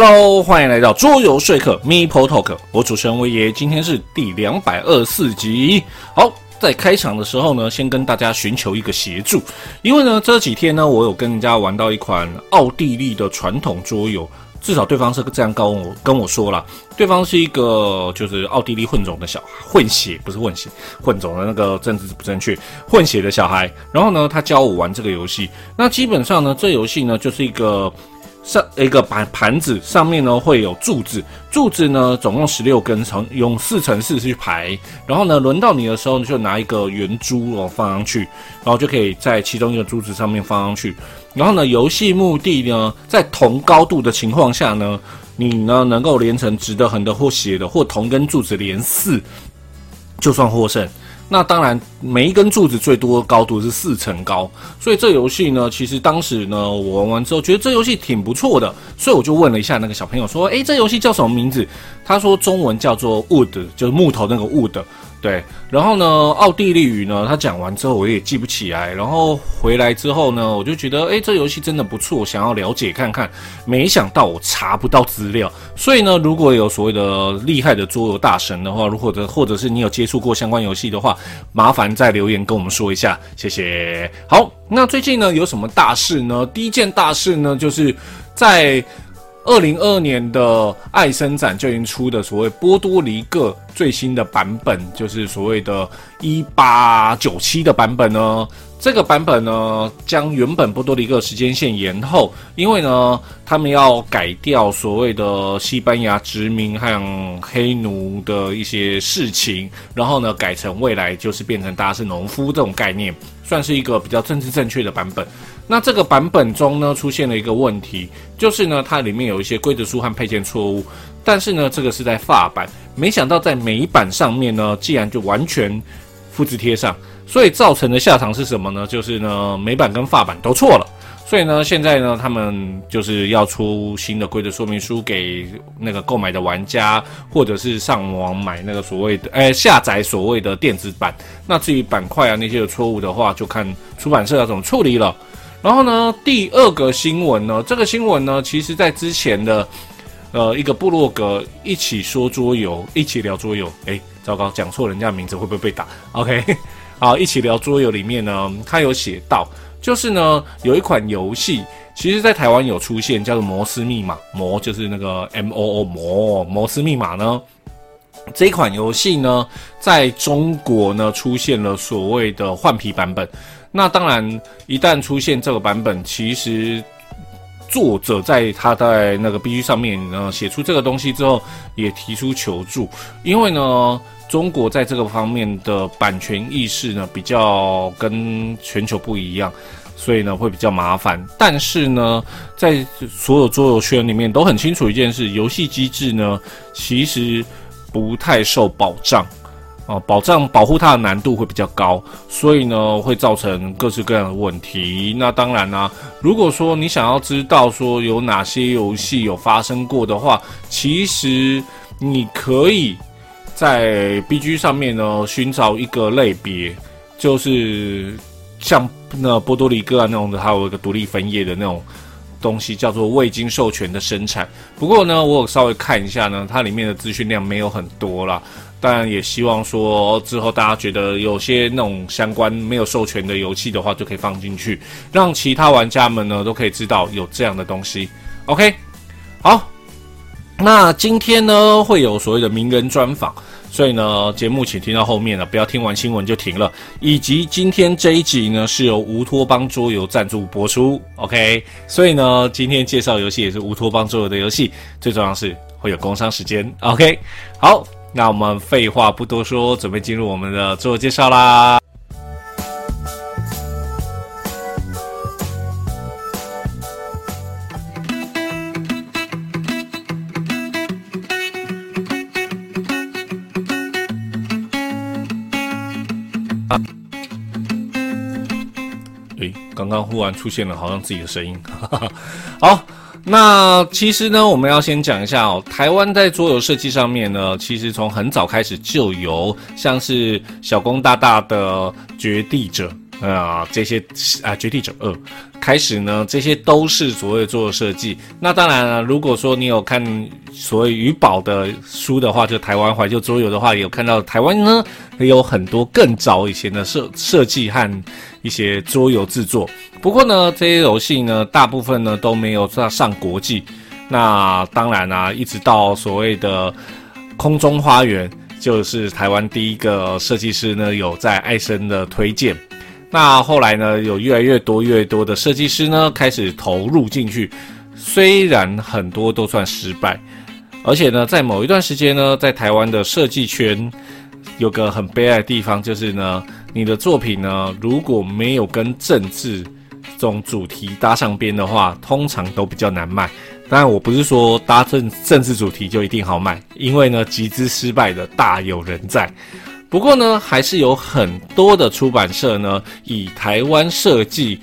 哈嘍，歡迎來到桌遊說客 MeepleTalk，我主持人威爺，今天是第兩百二十四集。好，在開場的時候呢，先跟大家尋求一個協助，因為呢這幾天呢，我有跟人家玩到一款奧地利的傳統桌遊，至少對方是這樣告我跟我說啦，對方是一個就是奧地利混種的小混血，不是混血，混種的那個政治不正確，混血的小孩。然後呢，他教我玩這個遊戲，那基本上呢，這遊戲呢就是一個。上一個盤盤子上面呢會有柱子。柱子呢總共十六根，從用四乘四去排。然後呢，輪到你的時候，你就拿一個圓珠哦放上去，然後就可以在其中一個柱子上面放上去。然後呢，遊戲目的呢，在同高度的情況下呢，你呢能夠連成直的、橫的或斜的，或同根柱子連四，就算獲勝。那當然，每一根柱子最多高度是四層高，所以這遊戲呢，其實當時呢，我玩完之後覺得這遊戲挺不錯的，所以我就問了一下那個小朋友說：“誒，這遊戲叫什麼名字？”他說：“中文叫做 Wood，就是木頭那個 Wood。”對，然後呢，奧地利語呢，他講完之後我也記不起來。然後回來之後呢，我就覺得，誒，這遊戲真的不錯，想要了解看看。沒想到我查不到資料，所以呢，如果有所謂的厲害的桌遊大神的話，如果的或者是你有接觸過相關遊戲的話，麻煩再留言跟我們說一下，謝謝。好，那最近呢有什麼大事呢？第一件大事呢就是在。二零二二年的艾森展就已經出的所謂波多黎各最新的版本，就是所謂的一八九七的版本呢。這個版本呢，將原本波多黎各時間線延後，因為呢，他們要改掉所謂的西班牙殖民和黑奴的一些事情，然後呢，改成未來就是變成大家是農夫這種概念，算是一個比較政治正確的版本。那這個版本中呢，出現了一個問題，就是呢，它裡面有一些規則書和配件錯誤。但是呢，這個是在法版，沒想到在美版上面呢，竟然就完全複製貼上。所以造成的下場是什麼呢？就是呢，美版跟法版都錯了。所以呢，現在呢，他們就是要出新的規則說明書給那個購買的玩家，或者是上網買那個所謂的，誒、哎、下載所謂的電子版。那至於板塊啊那些有錯誤的話，就看出版社要怎麼處理了。然後呢，第二個新聞呢，這個新聞呢，其實在之前的，呃，一個部落格一起說桌遊，一起聊桌遊。誒，糟糕，講錯人家名字會不會被打？OK，好，一起聊桌遊裡面呢，他有寫到，就是呢，有一款遊戲，其實在台灣有出現，叫做摩斯密碼。摩就是那個 M O O 摩摩斯密碼呢，這一款遊戲呢，在中國呢出現了所謂的換皮版本。那當然，一旦出現這個版本，其實作者在他在那個 B 站上面呢，寫出這個東西之後，也提出求助，因為呢，中國在這個方面的版權意識呢比較跟全球不一樣，所以呢會比較麻煩。但是呢，在所有桌遊圈裡面都很清楚一件事：遊戲機制呢其實不太受保障。哦，保障保護它的難度會比較高，所以呢會造成各式各樣的問題。那當然啦啊，如果說你想要知道說有哪些遊戲有發生過的話，其實你可以在 B G 上面呢尋找一個類別，就是像那波多黎各啊那種的，它有一個獨立分頁的那種東西，叫做未經授權的生產。不過呢，我有稍微看一下呢，它裡面的資訊量沒有很多啦。當然，也希望說之後大家覺得有些那種相關沒有授權的遊戲的話，就可以放進去，讓其他玩家們呢都可以知道有這樣的東西。OK，好。那今天呢會有所謂的名人專訪，所以呢節目請聽到後面了，不要聽完新聞就停了。以及今天這一集呢是由吾托邦桌遊贊助播出，OK。所以呢今天介紹遊戲也是吾托邦桌遊的遊戲，最重要的是會有工商時間。OK，好。那我們廢話不多說，準備進入我們的自我介紹啦。哎，剛剛忽然出現了，好像自己的聲音，哈哈哈，好。那其實呢，我們要先講一下哦，台灣在桌遊設計上面呢，其實從很早開始就有，像是小工大大的《絕地者》啊、呃，這些啊，《絕地者二》呃。開始呢，這些都是所謂的桌遊設計。那當然了，啊，如果說你有看所謂魚寶的書的話，就台灣懷舊桌遊的話，有看到台灣呢也有很多更早以前的設設計和一些桌遊製作。不過呢，這些遊戲呢，大部分呢都沒有算上國際。那當然啊，一直到所謂的空中花園，就是台灣第一個設計師呢，有在艾森的推薦。那後來呢，有越來越多、越多的設計師呢，開始投入進去。雖然很多都算失敗，而且呢，在某一段時間呢，在台灣的設計圈有個很悲哀的地方，就是呢，你的作品呢，如果沒有跟政治這種主題搭上邊的話，通常都比較難賣。當然，我不是說搭政政治主題就一定好賣，因為呢，集資失敗的大有人在。不過呢，還是有很多的出版社呢，以臺灣設計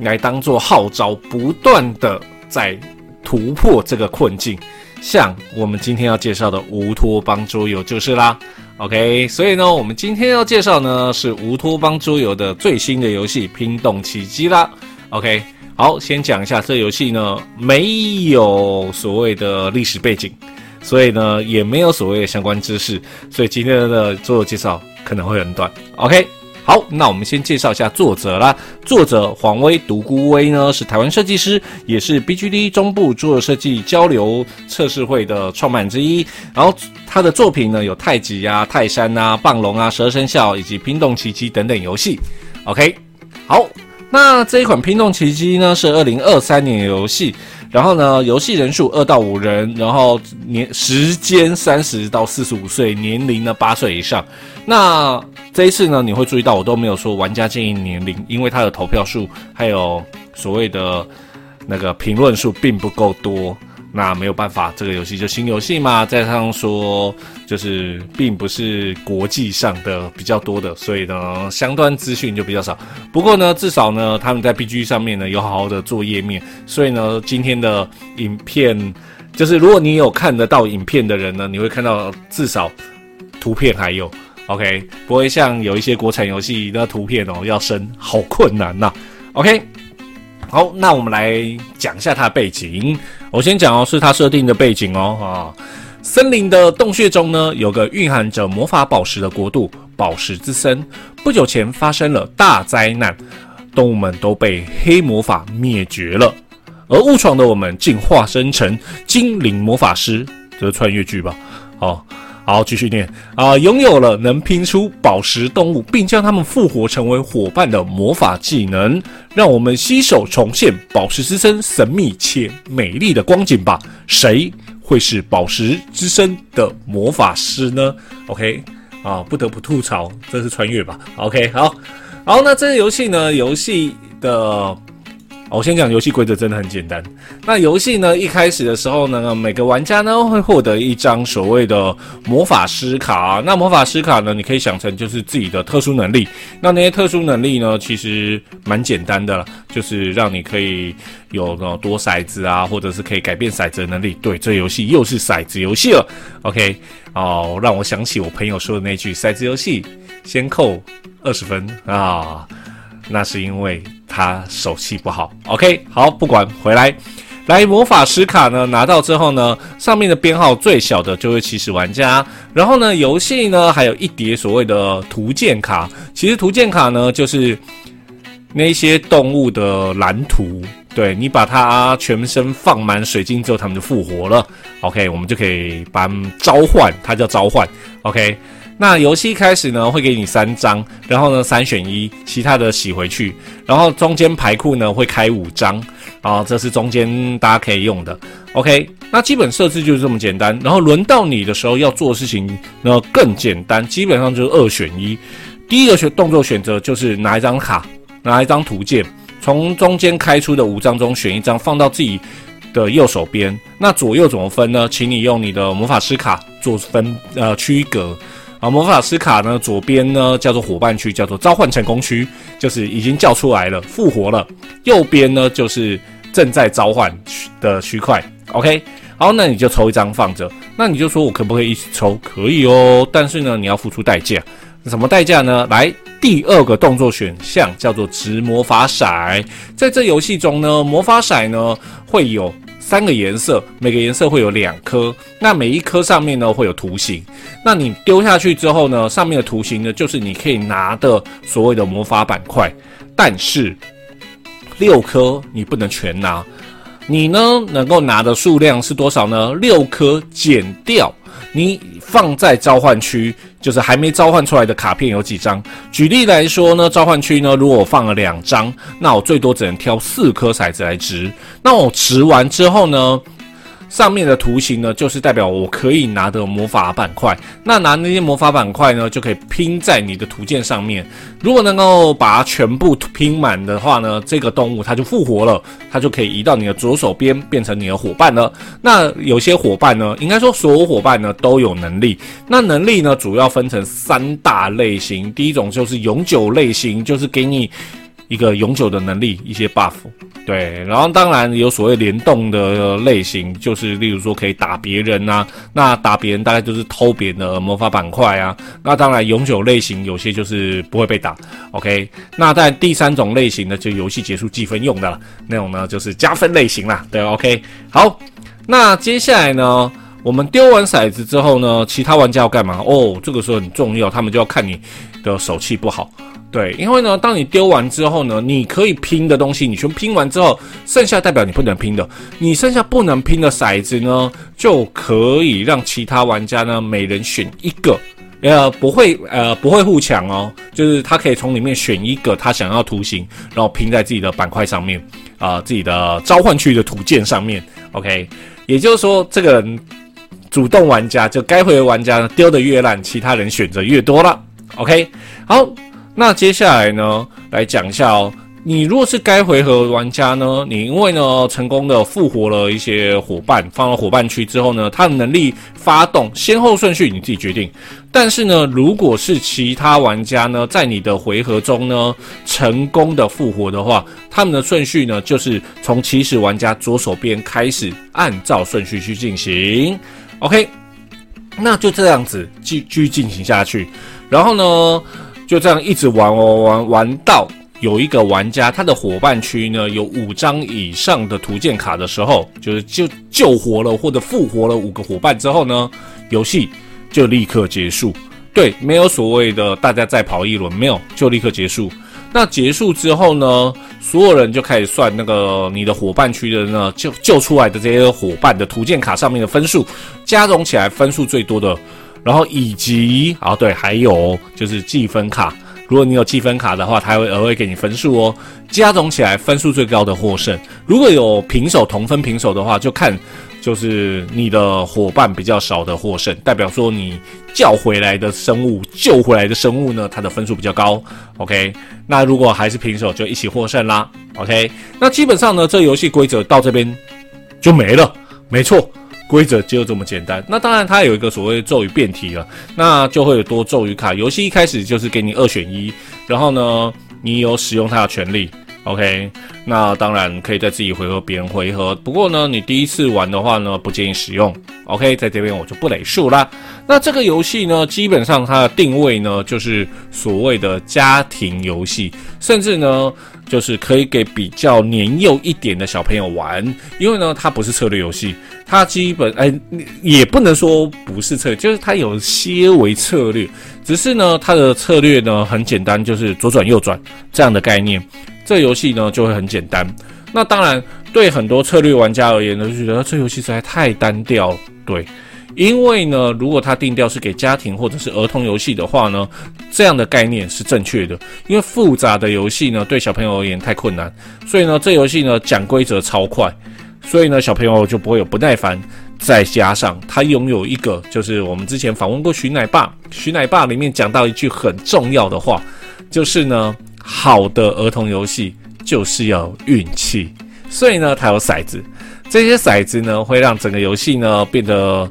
來當作號召，不斷地在突破這個困境。像我們今天要介紹的《吾托邦桌遊》就是啦。OK，所以呢，我們今天要介紹呢，是《吾托邦桌遊》的最新的遊戲《拼動奇跡》啦。OK，好，先講一下這遊戲呢，沒有所謂的歷史背景。所以呢，也沒有所謂的相關知識，所以今天的作者介紹可能會很短。OK，好，那我們先介紹一下作者啦。作者黃威獨孤威呢，是台灣設計師，也是 BGD 中部作者設計交流測試會的創辦之一。然後他的作品呢，有太極啊、泰山啊、棒龍啊、十二生肖以及拼動奇蹟等等遊戲。OK，好，那這一款拼動奇蹟呢，是二零二三年的遊戲。然後呢，遊戲人數二到五人，然後年時間三十到四十五歲，年齡呢八歲以上。那這一次呢，你會注意到我都沒有說玩家建議年齡，因為它的投票數還有所謂的那個評論數並不夠多。那沒有辦法，這個遊戲就新遊戲嘛，再加上說就是並不是國際上的比較多的，所以呢，相關資訊就比較少。不過呢，至少呢，他們在 BG 上面呢有好好的做頁面，所以呢，今天的影片就是如果你有看得到影片的人呢，你會看到至少圖片還有 OK，不會像有一些國產遊戲那圖片哦要升好困難吶，OK。好，那我們來講一下它的背景。我先講哦，是它設定的背景哦，哈、啊，森林的洞穴中呢，有個蘊含着魔法寶石的國度——寶石之森。不久前發生了大災難，動物們都被黑魔法滅絕了，而誤闖的我們竟化身成精靈魔法師，這是穿越劇吧？哦、啊。好，繼續念啊！呃，擁有了能拼出寶石動物，並將它們復活成為夥伴的魔法技能，讓我們攜手重現寶石之森神秘且美麗的光景吧！誰會是寶石之森的魔法師呢？OK，啊，不得不吐槽，這是穿越吧？OK，好，好，那這個遊戲呢？遊戲的。哦，我先講遊戲規則真的很簡單。那遊戲呢，一開始的時候呢，每個玩家呢會獲得一張所謂的魔法師卡啊。那魔法師卡呢，你可以想成就是自己的特殊能力。那那些特殊能力呢，其實蠻簡單的，就是讓你可以有多，多骰子啊，或者是可以改變骰子的能力。對，這遊戲又是骰子遊戲了。OK，哦，讓我想起我朋友說的那句：骰子遊戲先扣二十分啊。那是因為他手氣不好。OK，好，不管回來，來魔法石卡呢，拿到之後呢，上面的編號最小的就是起始玩家。然後呢，遊戲呢還有一疊所謂的圖鑑卡。其實圖鑑卡呢就是那些動物的藍圖。對，你把它全身放滿水晶之後，他們就復活了。OK，我們就可以把他召喚，它叫召喚。OK。那遊戲開始呢，會給你三張，然後呢三選一，其他的洗回去。然後中間牌庫呢會開五張，啊。這是中間大家可以用的。OK，那基本設置就是這麼簡單。然後輪到你的時候要做的事情呢更簡單，基本上就是二選一。第一個選動作選擇就是拿一張卡，拿一張圖鑑，從中間開出的五張中選一張放到自己的右手邊。那左右怎麼分呢？請你用你的魔法師卡做分呃區隔。啊，魔法師卡呢？左邊呢叫做夥伴區，叫做召喚成功區，就是已經叫出來了、復活了。右邊呢就是正在召喚的區塊。OK，好，那你就抽一張放着。那你就說我可不可以一起抽？可以哦，但是呢你要付出代價。什麼代價呢？來，第二個動作選項叫做擲魔法骰。在這遊戲中呢，魔法骰呢會有。三個顏色，每個顏色會有兩顆。那每一顆上面呢會有圖形。那你丟下去之後呢，上面的圖形呢就是你可以拿的所謂的魔法板塊。但是六顆你不能全拿，你呢能夠拿的數量是多少呢？六顆減掉。你放在召喚區，就是還沒召喚出來的卡片有幾張？舉例來說呢，召喚區呢，如果我放了兩張，那我最多只能挑四顆骰子來擲。那我擲完之後呢？上面的圖形呢，就是代表我可以拿的魔法板塊。那拿那些魔法板塊呢，就可以拼在你的圖鑑上面。如果能夠把它全部拼滿的話呢，這個動物它就復活了，它就可以移到你的左手邊，變成你的夥伴了。那有些夥伴呢，應該說所有夥伴呢都有能力。那能力呢，主要分成三大類型。第一種就是永久類型，就是給你。一個永久的能力，一些 buff，對，然後當然有所謂聯動的類型，就是例如說可以打別人啊，那打別人大概就是偷別人的魔法板塊啊，那當然永久類型有些就是不會被打，OK，那在第三種類型呢，就遊戲結束計分用的那種呢，就是加分類型啦，對，OK，好，那接下來呢，我們丟完骰子之後呢，其他玩家要幹嘛？哦，這個時候很重要，他們就要看你。的手氣不好，對，因為呢，當你丟完之後呢，你可以拼的東西，你全拼完之後，剩下代表你不能拼的，你剩下不能拼的骰子呢，就可以讓其他玩家呢，每人選一個，呃，不會，呃，不會互搶哦，就是他可以從裡面選一個他想要圖形，然後拼在自己的板塊上面，啊、呃，自己的召喚區的圖鑑上面，OK，也就是說，這個人主動玩家就該回的玩家呢，丟的越爛，其他人選擇越多了。OK，好，那接下來呢，來講一下哦。你如果是該回合玩家呢，你因為呢成功的復活了一些夥伴，放到夥伴區之後呢，他的能力發動先後順序你自己決定。但是呢，如果是其他玩家呢，在你的回合中呢，成功的復活的話，他們的順序呢，就是從起始玩家左手邊開始，按照順序去進行。OK，那就這樣子繼繼續進行下去。然後呢，就這樣一直玩、哦、玩玩玩到有一個玩家他的夥伴區呢有五張以上的圖鑑卡的時候，就是就救，救活了或者復活了五個夥伴之後呢，遊戲就立刻結束。對，沒有所謂的大家再跑一輪，沒有，就立刻結束。那結束之後呢，所有人就開始算那個你的夥伴區的呢救救出來的這些夥伴的圖鑑卡上面的分數，加總起來分數最多的。然後以及啊對，還有就是計分卡，如果你有計分卡的話，它會額外給你分數哦。加總起來分數最高的獲勝。如果有平手，同分平手的話，就看就是你的夥伴比較少的獲勝，代表說你叫回來的生物、救回來的生物呢，它的分數比較高。OK，那如果還是平手，就一起獲勝啦。OK，那基本上呢，這遊戲規則到這邊就沒了，沒錯。規則就這麼簡單。那當然，它有一個所謂的咒語變體了，啊，那就會有多咒語卡。遊戲一開始就是給你二選一，然後呢，你有使用它的權利。OK，那當然可以在自己回合，別人回合。不過呢，你第一次玩的話呢，不建議使用。OK，在這邊我就不累述啦。那這個遊戲呢，基本上它的定位呢，就是所謂的家庭遊戲，甚至呢，就是可以給比較年幼一點的小朋友玩，因為呢，它不是策略遊戲。它基本哎，也不能說不是策略，就是它有些微策略，只是呢，它的策略呢很簡單，就是左轉右轉這樣的概念，這遊戲呢就會很簡單。那當然，對很多策略玩家而言呢，就覺得這遊戲實在太單調了，對，因為呢，如果它定調是給家庭或者是兒童遊戲的話呢，這樣的概念是正確的，因為複雜的遊戲呢對小朋友而言太困難，所以呢，這遊戲呢講規則超快。所以呢，小朋友就不會有不耐煩。再加上他擁有一個，就是我們之前訪問過徐奶爸，徐奶爸裡面講到一句很重要的話，就是呢，好的兒童遊戲就是要運氣。所以呢，他有骰子，這些骰子呢會讓整個遊戲呢變得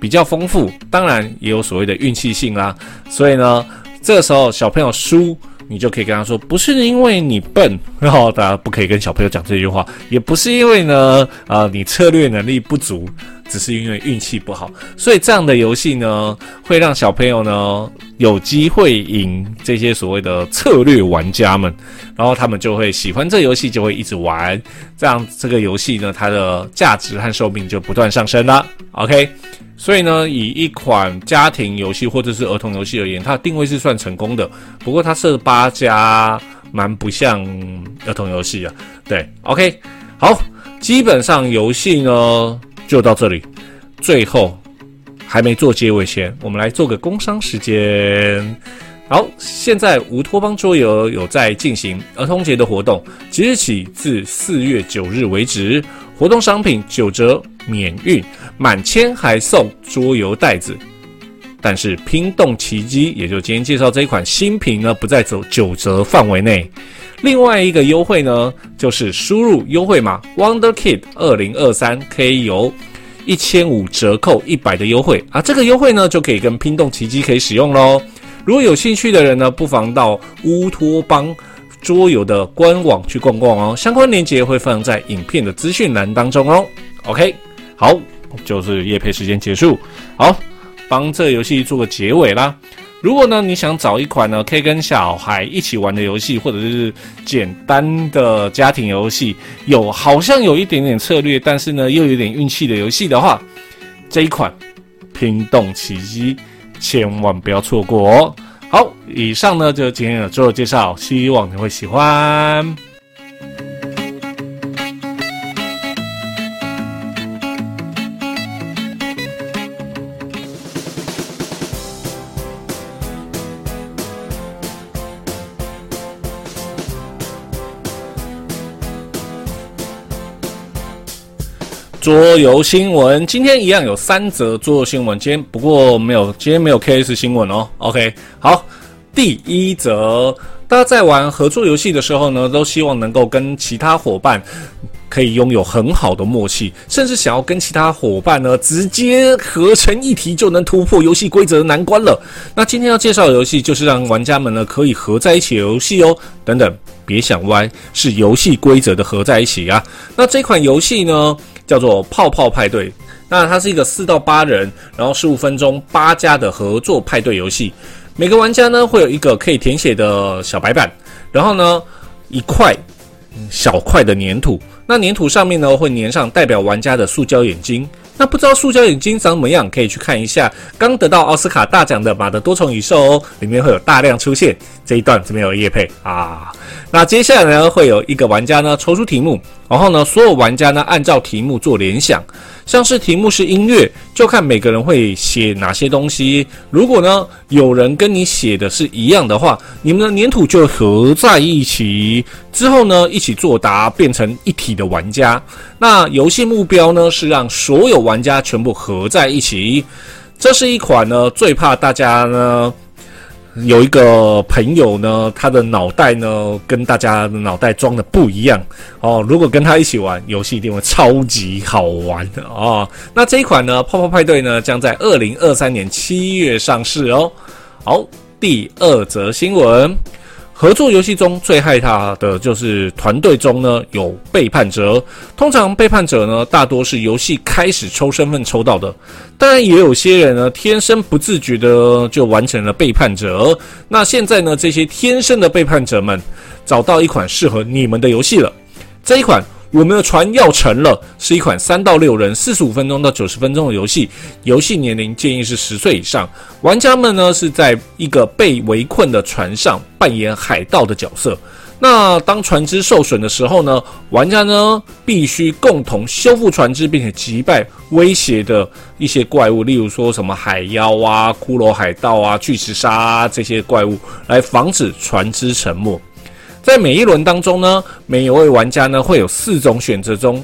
比較豐富，當然也有所謂的運氣性啦。所以呢，這個時候小朋友輸。你就可以跟他說，不是因為你笨。然後大家不可以跟小朋友講這句話，也不是因為呢，呃，你策略能力不足，只是因為運氣不好，所以這樣的遊戲呢，會讓小朋友呢有機會贏這些所謂的策略玩家們，然後他們就會喜歡這遊戲，就會一直玩，這樣這個遊戲呢，它的價值和壽命就不斷上升啦。OK，所以呢，以一款家庭遊戲或者是兒童遊戲而言，它的定位是算成功的。不過它設 8+，蠻不像兒童遊戲啊。對，OK，好，基本上遊戲呢。就到這裡，最後還沒做結尾前，我們來做個工商時間。好，現在吾托邦桌遊有在進行兒童節的活動，即日起至四月九日為止，活動商品九折免運，滿千還送桌遊袋子。但是拼動奇跡也就今天介紹這一款新品呢，不在走九折範圍內。另外一個優惠呢，就是輸入優惠碼 wonderkids 二零二三 ku，一千五折扣一百的優惠啊。這個優惠呢，就可以跟拼動奇跡可以使用嘍。如果有興趣的人呢，不妨到烏托邦桌遊的官網去逛逛哦。相關鏈接會放在影片的資訊欄當中哦。OK，好，就是業配時間結束，好，幫這個遊戲做個結尾啦。如果呢，你想找一款呢，可以跟小孩一起玩的遊戲，或者是簡單的家庭遊戲，有好像有一點點策略，但是呢又有點運氣的遊戲的話，這一款《拼動奇跡》千萬不要錯過哦。好，以上呢就今天的最後的介紹，希望你會喜歡。桌遊新聞，今天一樣有三則桌遊新聞，今天不過，沒有今天沒有 KS 新聞哦。OK，好，第一則，大家在玩合作遊戲的時候呢，都希望能夠跟其他伙伴可以擁有很好的默契，甚至想要跟其他伙伴呢直接合成一體，就能突破遊戲規則的難關了。那今天要介紹的遊戲就是讓玩家們呢可以合在一起遊戲哦。等等，別想歪，是遊戲規則的合在一起啊。那這款遊戲呢？叫做泡泡派對，那它是一個四到八人，然後十五分鐘八家的合作派對遊戲。每個玩家呢會有一個可以填寫的小白板，然後呢一塊、嗯、小塊的粘土那粘土上面呢會粘上代表玩家的塑膠眼睛。那不知道塑膠眼睛長什麼樣，可以去看一下剛得到奧斯卡大獎的《媽的多重宇宙》哦，裡面會有大量出現這一段這邊，這沒有業配啊。那接下來呢會有一個玩家呢抽出題目。然後呢，所有玩家呢按照題目做聯想，像是題目是音樂，就看每個人會寫哪些東西。如果呢有人跟你寫的是一樣的話，你們的粘土就合在一起。之後呢一起作答，變成一體的玩家。那遊戲目標呢是讓所有玩家全部合在一起。這是一款呢最怕大家呢。有一個朋友呢，他的腦袋呢跟大家的腦袋裝的不一樣哦。如果跟他一起玩遊戲，一定會超級好玩的哦。那這一款呢，《泡泡派對》呢，將在二零二三年七月上市哦。好，第二則新聞。合作遊戲中最害怕的就是團隊中呢，有背叛者。通常背叛者呢大多是遊戲開始抽身份抽到的，當然也有些人呢天生不自覺的就完成了背叛者。那現在呢，這些天生的背叛者們找到一款適合你們的遊戲了，這一款。我們的船要沉了，是一款三到六人、四十五分鐘到九十分鐘的遊戲。遊戲年齡建議是十歲以上。玩家們呢是在一個被圍困的船上扮演海盜的角色。那當船只受損的時候呢，玩家呢必須共同修復船只，並且擊敗威脅的一些怪物，例如說什麼海妖啊、骷髏海盜啊、巨齒鯊啊、這些怪物，來防止船只沉沒。在每一輪當中呢，每一位玩家呢會有四種選擇中，誒，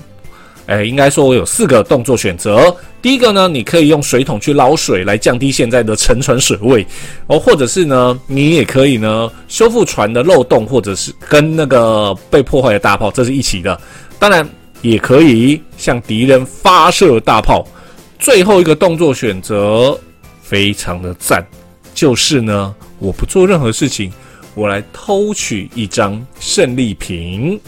欸，應該說我有四個動作選擇。第一個呢，你可以用水桶去撈水來降低現在的沉船水位，哦，或者是呢，你也可以呢修復船的漏洞，或者是跟那個被破壞的大炮，這是一起的。當然，也可以向敵人發射大炮。最後一個動作選擇非常的讚，就是呢，我不做任何事情。我來偷取一張勝利品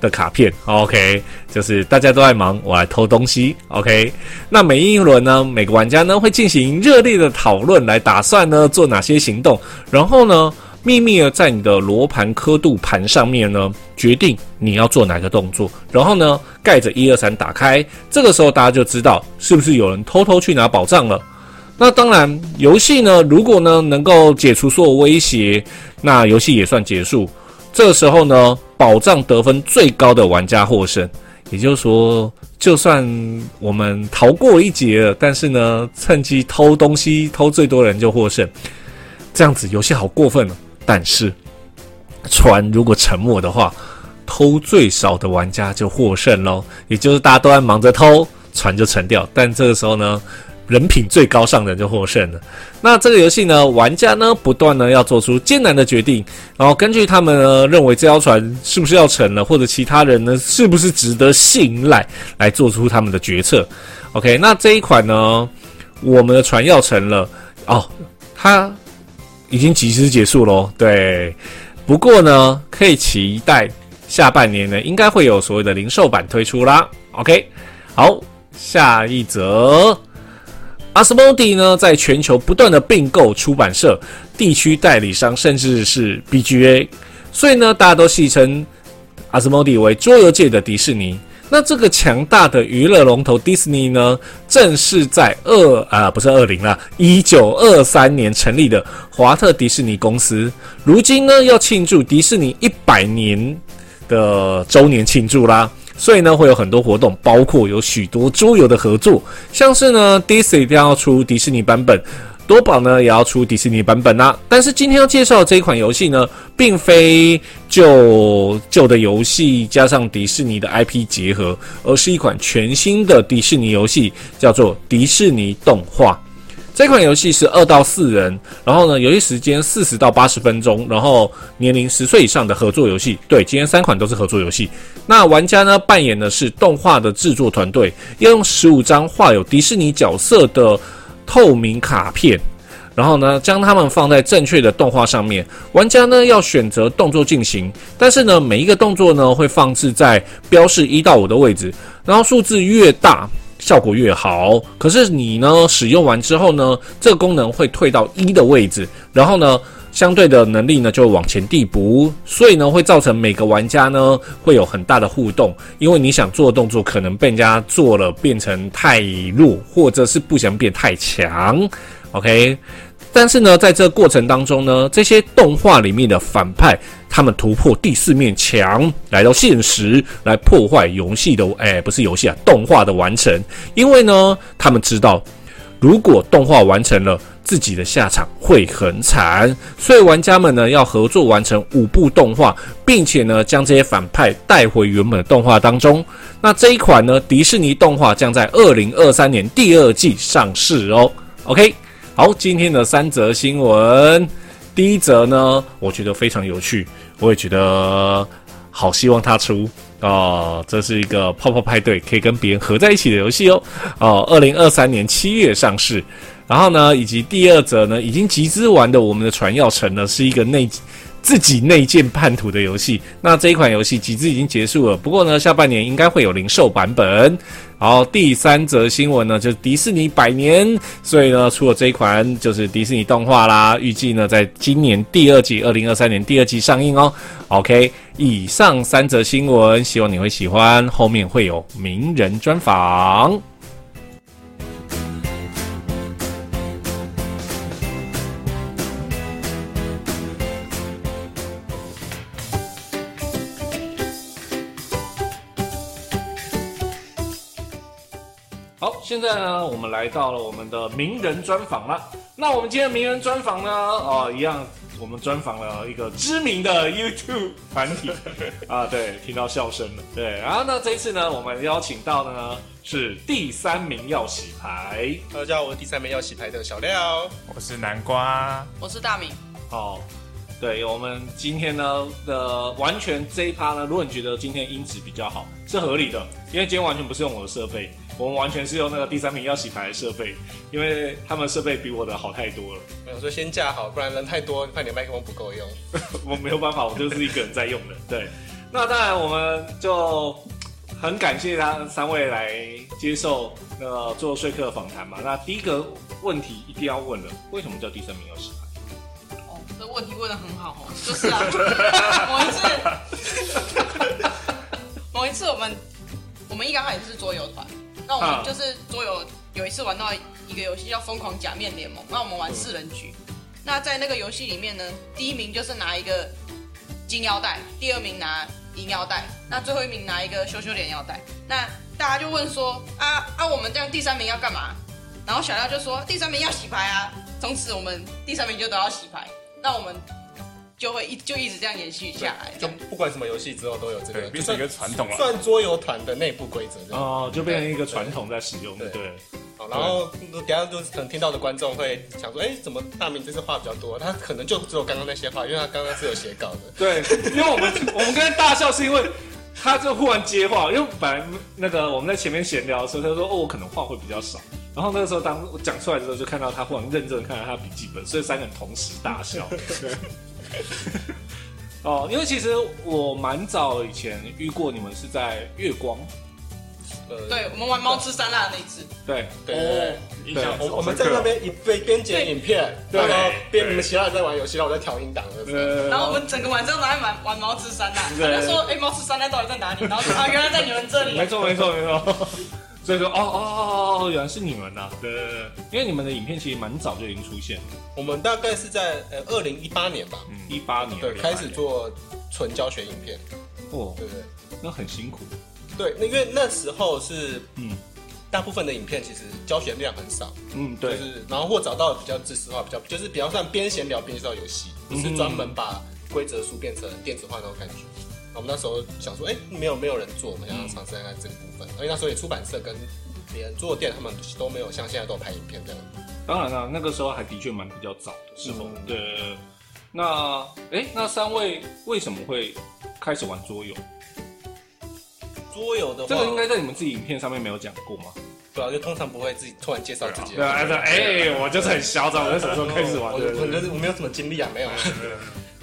的卡片，OK，就是大家都在忙，我來偷東西，OK。那每一輪呢，每個玩家呢會進行熱烈的討論，來打算呢做哪些行動，然後呢秘密的在你的羅盤刻度盤上面呢決定你要做哪個動作，然後呢蓋着一二三打開，這個時候大家就知道是不是有人偷偷去拿寶藏了。那當然，遊戲呢，如果呢能夠解除所有威脅，那遊戲也算結束。這個時候呢，寶藏得分最高的玩家獲勝。也就是說，就算我們逃過一劫了，但是呢，趁機偷東西，偷最多人就獲勝。這樣子遊戲好過分哦。但是，船如果沉沒的話，偷最少的玩家就獲勝嘍。也就是大家都在忙着偷，船就沉掉。但這個時候呢？人品最高尚的人就獲勝了。那這個遊戲呢，玩家呢，不斷呢要做出艱難的決定，然後根據他們呢認為這條船是不是要沉了，或者其他人呢是不是值得信賴，來做出他們的決策。OK，那這一款呢，我們的船要沉了哦，它已經及時結束嘍。對，不過呢，可以期待下半年呢，應該會有所謂的零售版推出啦。OK，好，下一則。阿斯莫迪呢，在全球不斷的併購出版社、地區代理商，甚至是 BGA，所以呢，大家都戲稱阿斯莫迪為桌遊界的迪士尼。那這個強大的娛樂龍頭迪士尼呢，正是在二啊不是二零了，一九二三年成立的華特迪士尼公司。如今呢，要慶祝迪士尼一百年的周年慶祝啦。所以呢，會有很多活動，包括有許多桌遊的合作，像是呢，DC 一定要出迪士尼版本，多寶呢也要出迪士尼版本啦。但是今天要介紹的這一款遊戲呢，並非舊舊的遊戲加上迪士尼的 IP 結合，而是一款全新的迪士尼遊戲，叫做《迪士尼動畫》。這款遊戲是二到四人，然後呢，遊戲時間四十到八十分鐘，然後年齡十歲以上的合作遊戲。對，今天三款都是合作遊戲。那玩家呢扮演，的是動畫的製作團隊，要用十五張畫有迪士尼角色的透明卡片，然後呢將它們放在正確的動畫上面。玩家呢要選擇動作進行，但是呢每一個動作呢會放置在標示一到五的位置，然後數字越大。效果越好，可是你呢？使用完之後呢，這個功能會退到一的位置，然後呢，相對的能力呢就往前遞補，所以呢，會造成每個玩家呢會有很大的互動，因為你想做的動作，可能被人家做了變成太弱，或者是不想變太強。OK，但是呢，在這個過程當中呢，這些動畫裡面的反派。他們突破第四面牆，來到現實，來破壞遊戲的，誒、欸，不是遊戲啊，動畫的完成。因為呢，他們知道，如果動畫完成了，自己的下場會很慘。所以玩家們呢，要合作完成五部動畫，並且呢，將這些反派帶回原本的動畫當中。那這一款呢，迪士尼動畫將在二零二三年第二季上市哦。OK，好，今天的三則新聞。第一則呢，我覺得非常有趣，我也覺得好希望它出啊，哦！這是一個泡泡派對，可以跟別人合在一起的遊戲哦。哦，二零二三年七月上市。然後呢，以及第二則呢，已經集資完的我們的船要成呢，是一個內。自己內建叛徒的遊戲，那這一款遊戲集資已經結束了。不過呢，下半年應該會有零售版本。好，第三則新聞呢，就是迪士尼百年，所以呢，出了這一款就是迪士尼動畫啦。預計呢，在今年第二季，二零二三年第二季上映哦、喔。OK，以上三則新聞，希望你會喜歡。後面會有名人專訪。好，現在呢，我們來到了我們的名人專訪啦。那我們今天的名人專訪呢，哦、呃，一樣，我們專訪了一個知名的 YouTube 團體 啊。對，聽到笑聲了。對，然後呢，這一次呢，我們邀請到的呢是第三名要洗牌。大家好，我是第三名要洗牌的小廖，我是南瓜，我是大明。好、哦，對我們今天呢的、呃、完全這一趴呢，如果你覺得今天音質比較好，是合理的，因為今天完全不是用我的設備。我們完全是用那個第三名要洗牌的設備，因為他們設備比我的好太多了。沒有說先架好，不然人太多，怕你麥克風不夠用。 我沒有辦法，我就是一個人在用的。對，那當然我們就很感謝他三位來接受那做說客訪談嘛。那第一個問題一定要問了，為什麼叫第三名要洗牌？哦，這問題問得很好哦，就是啊， 某一次， 某一次我們我們一剛開始是桌遊團。那我們就是桌友有一次玩到一個遊戲叫《瘋狂假面聯盟》，那我們玩四人局。那在那個遊戲裡面呢，第一名就是拿一個金腰帶，第二名拿銀腰帶，那最後一名拿一個羞羞臉腰帶。那大家就問說：啊啊，我們這樣第三名要幹嘛？然後小廖就說：第三名要洗牌啊！從此我們第三名就都要洗牌。那我們。就會一就一直這樣延續下來，就不管什麼遊戲之後都有這個，變成一個傳統了、啊，算桌遊團的內部規則、就是、哦，就變成一個傳統在使用。對，對對對，然後對，等一下就是可能聽到的觀眾會想說，哎、欸，怎麼大明這次話比較多？他可能就只有剛剛那些話，因為他剛剛是有寫稿的。對， 因為我們我們跟大笑是因為他就忽然接話，因為本來那個我們在前面閒聊的時候，他就說哦，我可能話會比較少。然後那個時候當講出來的時候，就看到他忽然認真看到他的筆記本，所以三個人同時大笑對。 哦，因為其實我蠻早以前遇過你們是在月光，呃、對我們玩貓吃酸辣的那一次，對，對，對，對，印象。我們在那邊一邊剪影片，然後邊你們其他人在玩遊戲，我在調音檔、就是。呃，然後我們整個晚上都在玩玩貓吃酸辣，我就說，哎、欸，貓吃酸辣到底在哪裡？然後 啊，原來在你們這裡，沒錯，沒錯，沒錯。所以說，哦哦哦哦哦，原來是你們吶、啊！對對對，因為你們的影片其實蠻早就已經出現了。我們大概是在呃二零一八年吧，嗯，一八年，對，開始做純教學影片。哦，對對，那很辛苦。對，那因為那時候是嗯，大部分的影片其實教學量很少。嗯，對，嗯對。就是然後或找到比較知識化、比較就是比較算邊閒聊邊介紹遊戲，不是專門把規則書變成電子化的那種感覺。我們那時候想說，哎、欸，沒有沒有人做，我們想要嘗試看看這個部分，嗯。而且那時候也出版社跟連作店他們都沒有像現在都有拍影片這樣。當然了，啊，那個時候還的確蠻比較早的時候。嗯、對，對，對。那，哎、欸，那三位為什麼會開始玩桌遊？桌遊的話，這個應該在你們自己影片上面沒有講過嗎？對啊，就通常不會自己突然介紹自己。對啊，哎、啊啊欸，我就是很囂張，我什麼時候開始玩的？我我沒有什麼經歷啊，沒有。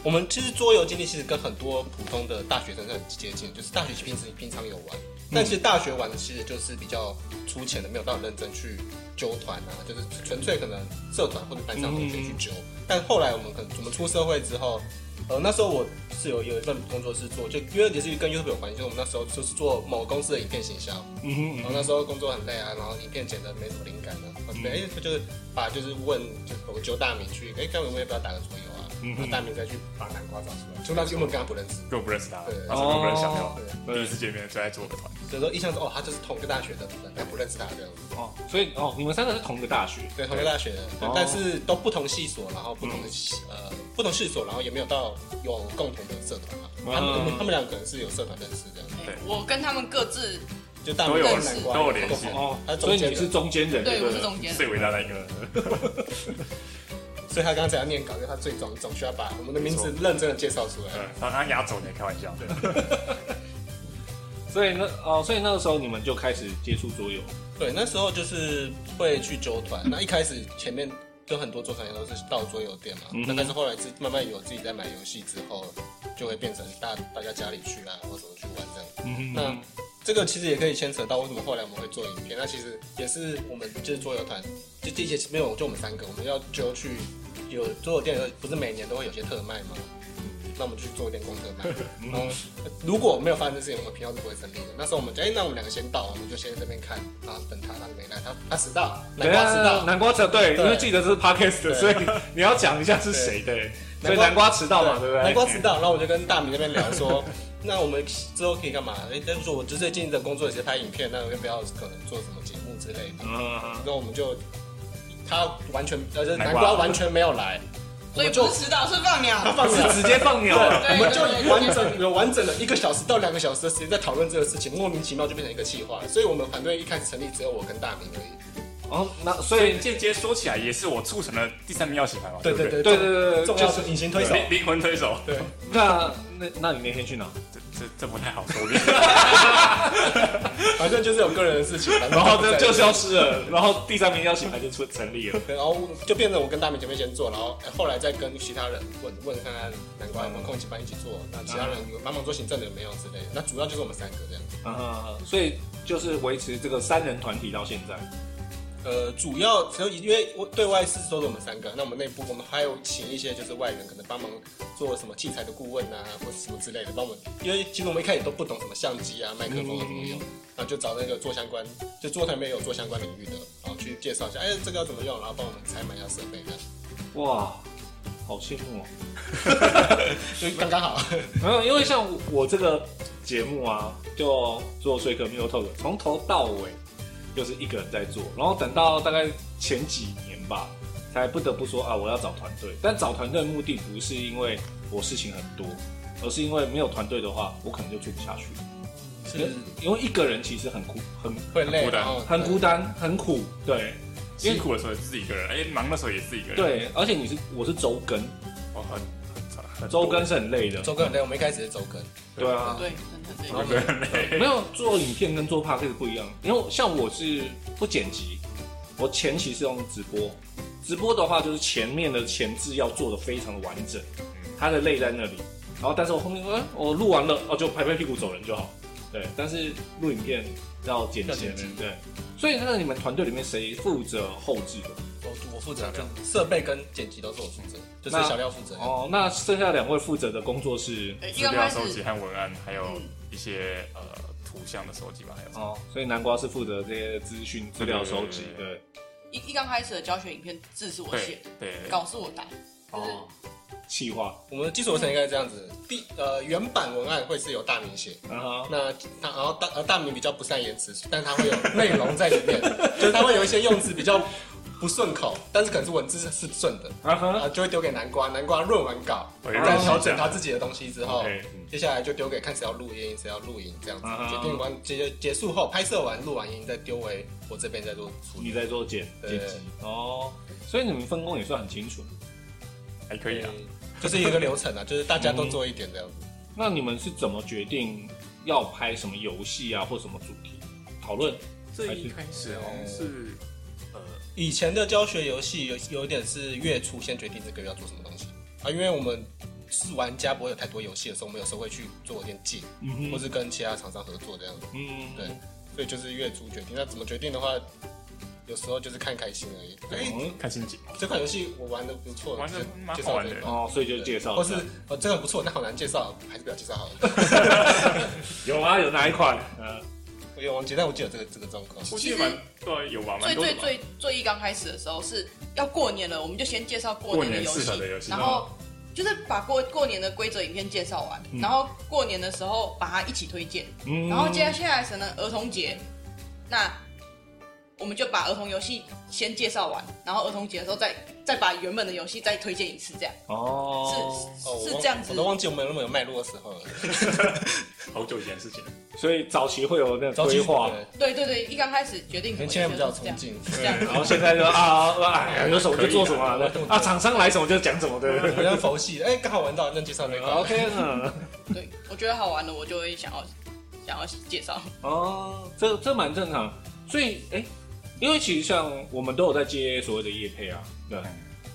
我們其實桌遊經歷其實跟很多普通的大學生是很接近，就是大學平時平常有玩，但其實大學玩的其實就是比較粗淺的，沒有辦法認真去揪團啊，就是純粹可能社團或者班上同學去揪。但後來我們可我們出社會之後，呃，那時候我是有有一份工作是做，就因為也是跟 YouTube 有關係，就是我們那時候就是做某公司的影片形象。嗯。然後那時候工作很累啊，然後影片剪得沒什麼靈感得、啊，哎、欸，就是把就是問就是、我揪大名去，哎、欸，剛好我們要不要打個桌遊？那大明再去把南瓜找出來，就那時根本跟他不認識，根本不認識他，對，根本不認識小喵，第一次見面最愛組個團，所以說印象中哦、喔，他就是同一個大學的，他不認識他的、就是、哦，所以哦，你們三個是同一個大學？對，對，同一個大學的，但是都不同系所，然後不同、嗯、呃不同系所，然後也沒有到有共同的社團嘛，他們他們兩個可能是有社團認識這樣，對，我跟他們各自就大明認識，都有聯繫、喔、哦，所以你是中間人？對對，對，我是中間人，最偉大那個。所以他剛才要念稿，因為他最終總需要把我們的名字認真的介紹出來。把他壓走，你也開玩笑。對 所以那哦，所以那個時候你們就開始接觸桌遊。對，那時候就是會去桌團、嗯。那一開始前面就很多桌團也都是到桌遊店嘛。嗯、那但是後來自慢慢有自己在買遊戲之後，就會變成大家大家家裡去啊，或怎麼去玩這樣。嗯。那這個其實也可以牽扯到為什麼後來我們會做影片。那其實也是我們就是桌遊團，就這一些沒有，就我們三個，我們要揪去。有所有店不是每年都會有些特賣嗎？那我們去做一點公特吧。嗯，如果沒有發生這事情，我們平常是不會成立的。那時候我們就哎、欸，那我們兩個先到，我們就先在這邊看，然、啊、後等他，他沒來，他他遲到。南瓜遲到，南瓜遲。對，對，因為記得這是 podcast，所以你要講一下是誰？對，所以南瓜遲到嘛，對不對？對，南瓜遲到，然後我就跟大米那邊聊說， 那我們之後可以幹嘛？哎、欸，但是我就最近的工作是拍影片，那我們不要可能做什麼節目之類的。嗯嗯嗯，那我們就。他完全呃，難怪完全沒有來，所以不是遲到是放鳥，他放是直接放鳥，我們就, 了我們就完整有完整的一個小時到兩個小時的時間在討論這個事情，莫名其妙就變成一個企劃，所以我們團隊一開始成立只有我跟大明而已。哦、嗯，那所以間接說起來也是我促成了第三名要洗牌嘛，對對對對對就是隱形推手，靈魂推手。對，那那那你那天去哪？這這不太好說， 反正就是有個人的事情，然後 就就消失了，然後第三名邀請牌就出成立了， Okay, 然後就變成我跟大明前妹先做，然後、呃、後來再跟其他人問問看看難怪，怪我們空一起班一起做，那其他人有幫、嗯、忙，忙做行政的沒有之類的，那主要就是我們三個這樣子，子、嗯嗯嗯嗯。所以就是維持這個三人團體到現在。呃，主要因為我對外是都是我們三個，那我們內部我們還有請一些就是外人可能幫忙做什麼器材的顧問啊，或者什麼之類的，幫我們，因為其實我們一開始都不懂什麼相機啊、麥克風啊怎麼的，然後就找那個做相關，就桌台面有做相關領域的，然後去介紹一下，哎、欸，這個要怎麼用，然後幫我們採買一下設備的。哇，好羨慕哦，所以剛剛好，沒 有、嗯，因為像我，我這個節目啊，就做說客沒有透的，從頭到尾。就是一個人在做，然後等到大概前幾年吧，才不得不說啊，我要找團隊。但找團隊的目的不是因為我事情很多，而是因為沒有團隊的話，我可能就做不下去。是因為一個人其實很苦、很會累的、很孤單、哦、很孤單、很苦。對，辛苦的時候也是一個人，哎，忙的時候也是一個人。對，而且你是我是周更，我很很，很周更是很累的，周更很累。嗯、我們一開始是周更，對啊。沒、嗯、有、嗯嗯嗯嗯嗯嗯、做影片跟做 podcast 不一樣，因為像我是不剪輯，我前期是用直播，直播的話就是前面的前置要做的非常的完整，它的累在那裡，然後但是我後面、欸、我錄完了，哦，就拍拍屁股走人就好，對，但是錄影片要剪輯，對，所以那你們團隊裡面誰負責後置的？我我負責，跟設備跟剪輯都是我負責，就是小廖負責。哦，那剩下兩位負責的工作是資料收集和文案，還有。一些呃圖像的收集吧還有。哦，所以南瓜是負責這些資訊資料收集。對,對,對,對,對,對,對,對,對，一一剛開始的教學影片字是我寫，對,對，稿是我打。哦，企劃，我們的基礎流程應該是這樣子：第呃原版文案會是由大明寫、嗯，那那然後大呃大明比較不善言辭，但他會有內容在裡面， 就是他會有一些用詞比較。不順口，但是可能是文字是順的，uh -huh. 啊，就會丟給南瓜。南瓜論文稿，uh -huh. 然後調整他自己的東西之後，uh -huh. 接下來就丟給看誰要錄音，誰要錄影這樣子。Uh -huh. 決定完結結束後，拍攝完錄完音再丟回我這邊再做處理。你在做剪剪輯哦，oh, 所以你們分工也算很清楚，okay. 還可以啊。就是一個流程啊，就是大家都做一點這樣子。 嗯、那你們是怎麼決定要拍什麼遊戲啊，或什麼主題討論？這一開始哦是。是是以前的教學遊戲有有點是月初先決定這個要做什麼東西啊，因為我們是玩家，不會有太多遊戲的時候，我們有時候會去做一競，嗯哼，或是跟其他廠商合作這樣子，嗯，對，所以就是月初決定。那怎麼決定的話，有時候就是看開心而已，看、嗯、欸，看心情。這款遊戲我玩得不錯，玩得蠻好玩的，介紹哦，所以就介紹，或是哦，這個不錯，但好難介紹，還是不要介紹好了。 有啊，有哪一款？呃有忘記，但我記得有這個這個狀況。其實對，有蠻蠻最最最最一剛開始的時候是要過年了，我們就先介紹過年的遊戲，然後就是把過過年的規則影片介紹完，然後過年的時候把它一起推薦。嗯。然後接下來成了兒童節，那。我們就把兒童遊戲先介紹完，然後兒童節的時候再再把原本的遊戲再推薦一次，這樣哦，是是，哦是這樣子。我，我都忘記我們那麼有脈絡的時候了， 好久以前事情，所以早期會有那規劃，對對對，一剛開始決定們這，現在比較衝勁，這對然後現在就 啊，哎、有什麼就做什麼啊啊做，啊，廠商來什麼就講什麼，對不對對，啊、就像佛系，哎、欸，剛好玩到，這樣介紹那個，OK，我覺得好玩的， 我就會想要想要介紹哦，這這蠻正常，所以哎。欸因為其實像我們都有在接所謂的業配啊，對，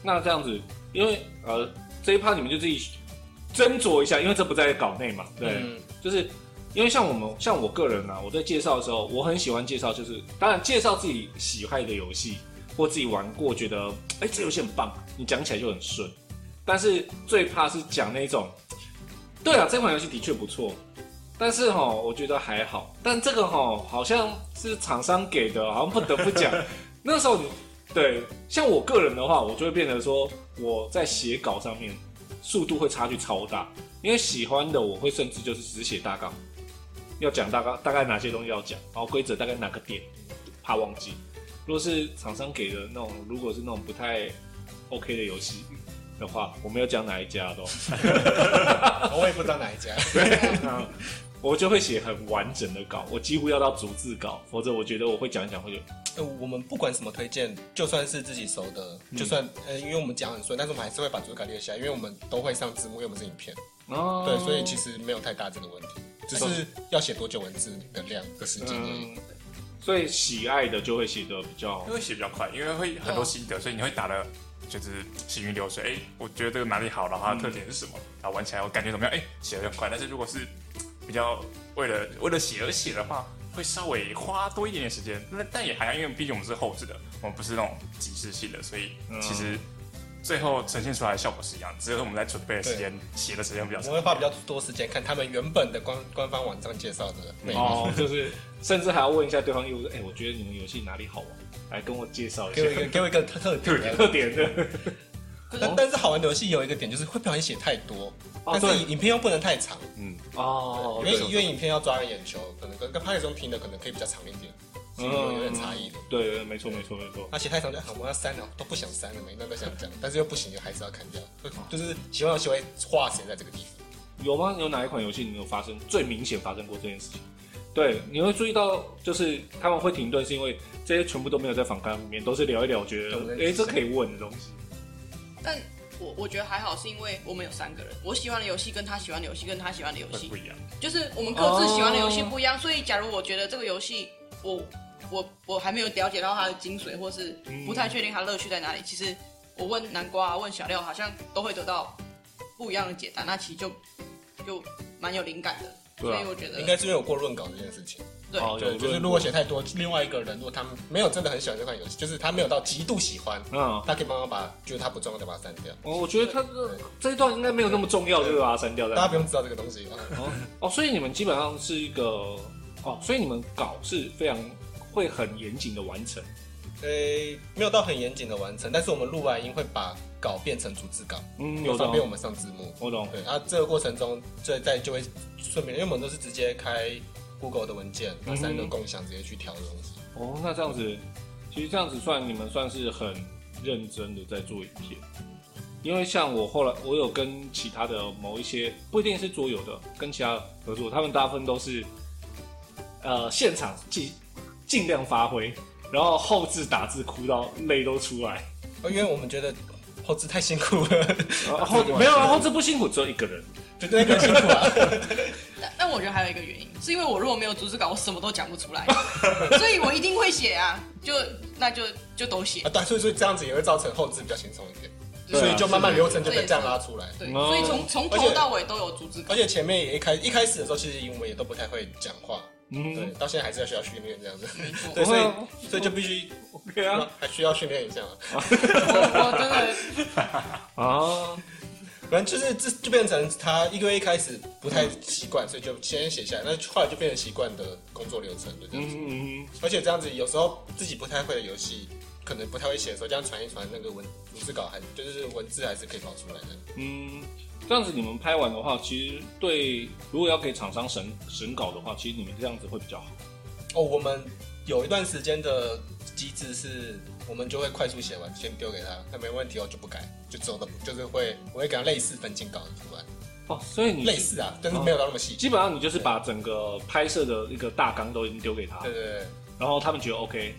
那這樣子，因為呃這一 part 你們就自己斟酌一下，因為這不在稿內嘛，對、嗯，就是因為像我們像我個人啊，我在介紹的時候，我很喜歡介紹就是當然介紹自己喜愛的遊戲或自己玩過覺得哎、欸、這遊戲很棒，你講起來就很順，但是最怕是講那種，對啊，這款遊戲的確不錯。但是哈，我覺得還好。但這個哈，好像是廠商給的，好像不得不講。 那時候你對，像我個人的話，我就會變成說，我在寫稿上面速度會差距超大。因為喜歡的，我會甚至就是只寫大綱，要講大綱，大概哪些東西要講，然後規則大概哪個點，怕忘記。如果是廠商給的那種，如果是那種不太 OK 的遊戲的話，我沒有講哪一家都， 我也不知道哪一家。對。 我就會寫很完整的稿，我幾乎要到逐字稿，否則我覺得我會講一講或者呃，我們不管什麼推薦，就算是自己熟的，嗯、就算呃，因為我們講很順，但是我們還是會把逐字稿列下來，因為我們都會上字幕，又不是影片、哦，對，所以其實沒有太大這個問題、就是，只是要寫多久文字的量和時間、嗯嗯。所以喜愛的就會寫的比較，會寫比較快，因為會很多心得，哦、所以你會打的就是行雲流水。哎、欸，我覺得這個哪裡好，然後它的特點是什麼？嗯、然後玩起來我感覺怎麼樣？哎、欸，寫的很快，但是如果是。比較為了為了寫而寫的話，會稍微花多一點點時間。那但也還好，因為畢竟我們是後製的，我們不是那種即時性的，所以其實最後呈現出來的效果是一樣，只有我們在準備的時間、寫的時間比較長。我會花比較多時間看他們原本的官官方網站介紹的內容哦、嗯，就是 甚至還要問一下對方，哎、欸，我覺得你們遊戲哪裡好玩？來跟我介紹一下，給我個給我一個特特 特點的。 但但是好玩的遊戲有一個點就是會不小心寫太多，哦，但是影片又不能太長，嗯哦，因為因為影片要抓個眼、嗯哦、眼球，可能跟跟拍的時候停的可能可以比較長一點，嗯，有點差異的，嗯嗯，對，沒錯沒錯沒錯，那，啊、寫太長、啊、好，我要刪了，喔，都不想刪了，沒那個想講，但是又不行，就還是要砍掉，嗯，就是喜歡喜歡畫寫在這個地方，有嗎？有哪一款遊戲你有發生最明顯發生過這件事情？對，你會注意到就是他們會停頓，是因為這些全部都沒有在訪談裡面，都是聊一聊覺得哎，這可以問的東西。但我我覺得還好，是因為我們有三個人，我喜歡的遊戲跟他喜歡的遊戲跟他喜歡的遊戲不一樣，就是我們各自喜歡的遊戲不一樣。哦、所以假如我覺得這個遊戲，我我我還沒有了解到它的精髓，或是不太確定它樂趣在哪裡，嗯、其實我問南瓜、啊、問小廖，好像都會得到不一樣的解答，那其實就就，就蠻有靈感的。對、啊、所以我覺得應該是沒有過論稿這件事情。對、哦，對，就是如果寫太多，另外一個人如果他們沒有真的很喜歡這款遊戲，就是他沒有到極度喜歡，嗯，他可以幫忙把就是他不重要的把它刪掉。我、哦、我覺得他這一段應該沒有那麼重要，就是把它刪掉，大家不用知道這個東西。哦， 哦，所以你們基本上是一個哦，所以你們稿是非常會很嚴謹的完成。呃、欸，沒有到很嚴謹的完成，但是我們錄完音會把稿變成逐字稿，嗯，有、哦、方便我們上字幕。我懂、哦，對，那、哦啊、這個過程中，這在就會順便，因為我們都是直接開。Google 的文件，那三個共享直接去調的東西、嗯。哦，那這樣子，其實這樣子算你們算是很認真的在做影片，因為像我後來我有跟其他的某一些，不一定是桌遊的，跟其他合作，他們大部分都是，呃，現場盡盡量發揮，然後後製打字哭到淚都出來、哦。因為我們覺得後製太辛苦了， 後沒有啊，後製不辛苦，只有一個人。 對對更清楚了。那那我覺得還有一個原因，是因為我如果沒有逐字稿，我什麼都講不出來。所以，我一定會寫啊，就那就就都寫、啊。對，所以所以這樣子也會造成後製比較輕鬆一點，所以就慢慢流程就會這樣拉出來。對，對所以從從頭到尾都有逐字稿而。而且前面也一開一開始的時候，其實我們也都不太會講話、嗯，對，到現在還是要需要訓練這樣子。對所以所以就必須、嗯 okay, okay 啊，還需要訓練一下嘛。 我真的啊。 反正就是這就變成他一個月一開始不太習慣，所以就先寫下來。那後來就變成習慣的工作流程，對不對？嗯嗯，嗯，嗯。而且這樣子有時候自己不太會的遊戲，可能不太會寫的時候，這樣傳一傳那個文文字稿還，還就是文字還是可以搞出來的。嗯，這樣子你們拍完的話，其實對，如果要給廠商審審稿的話，其實你們這樣子會比較好。哦，我們有一段時間的機制是。我們就會快速寫完，先丟給他，他沒問題，我就不改，就走的，就是會，我會給他類似分鏡稿的出來。哦，所以你類似啊，但是沒有到那麼細。哦，基本上你就是把整個拍攝的一個大綱都已經丟給他。對，對對對。然後他們覺得 OK，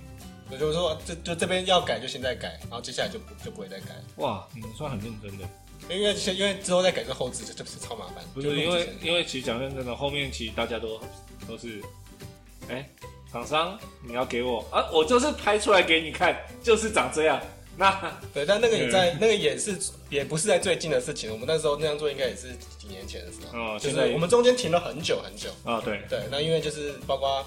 也就是說，這就，就這邊要改就現在改，然後接下來就不就不會再改。哇，你們算很認真的，嗯、因為因為之後再改這後製這不是超麻煩？不就因為因為其實講認真的，後面其實大家都都是，哎、欸。廠商，你要給我啊！我就是拍出來給你看，就是長這樣。那對，但那個也在、嗯、那個也是也不是在最近的事情。我們那時候那樣做，應該也是幾年前的時候。哦，就是我們中間停了很久很久。啊、哦，對對。那因為就是包括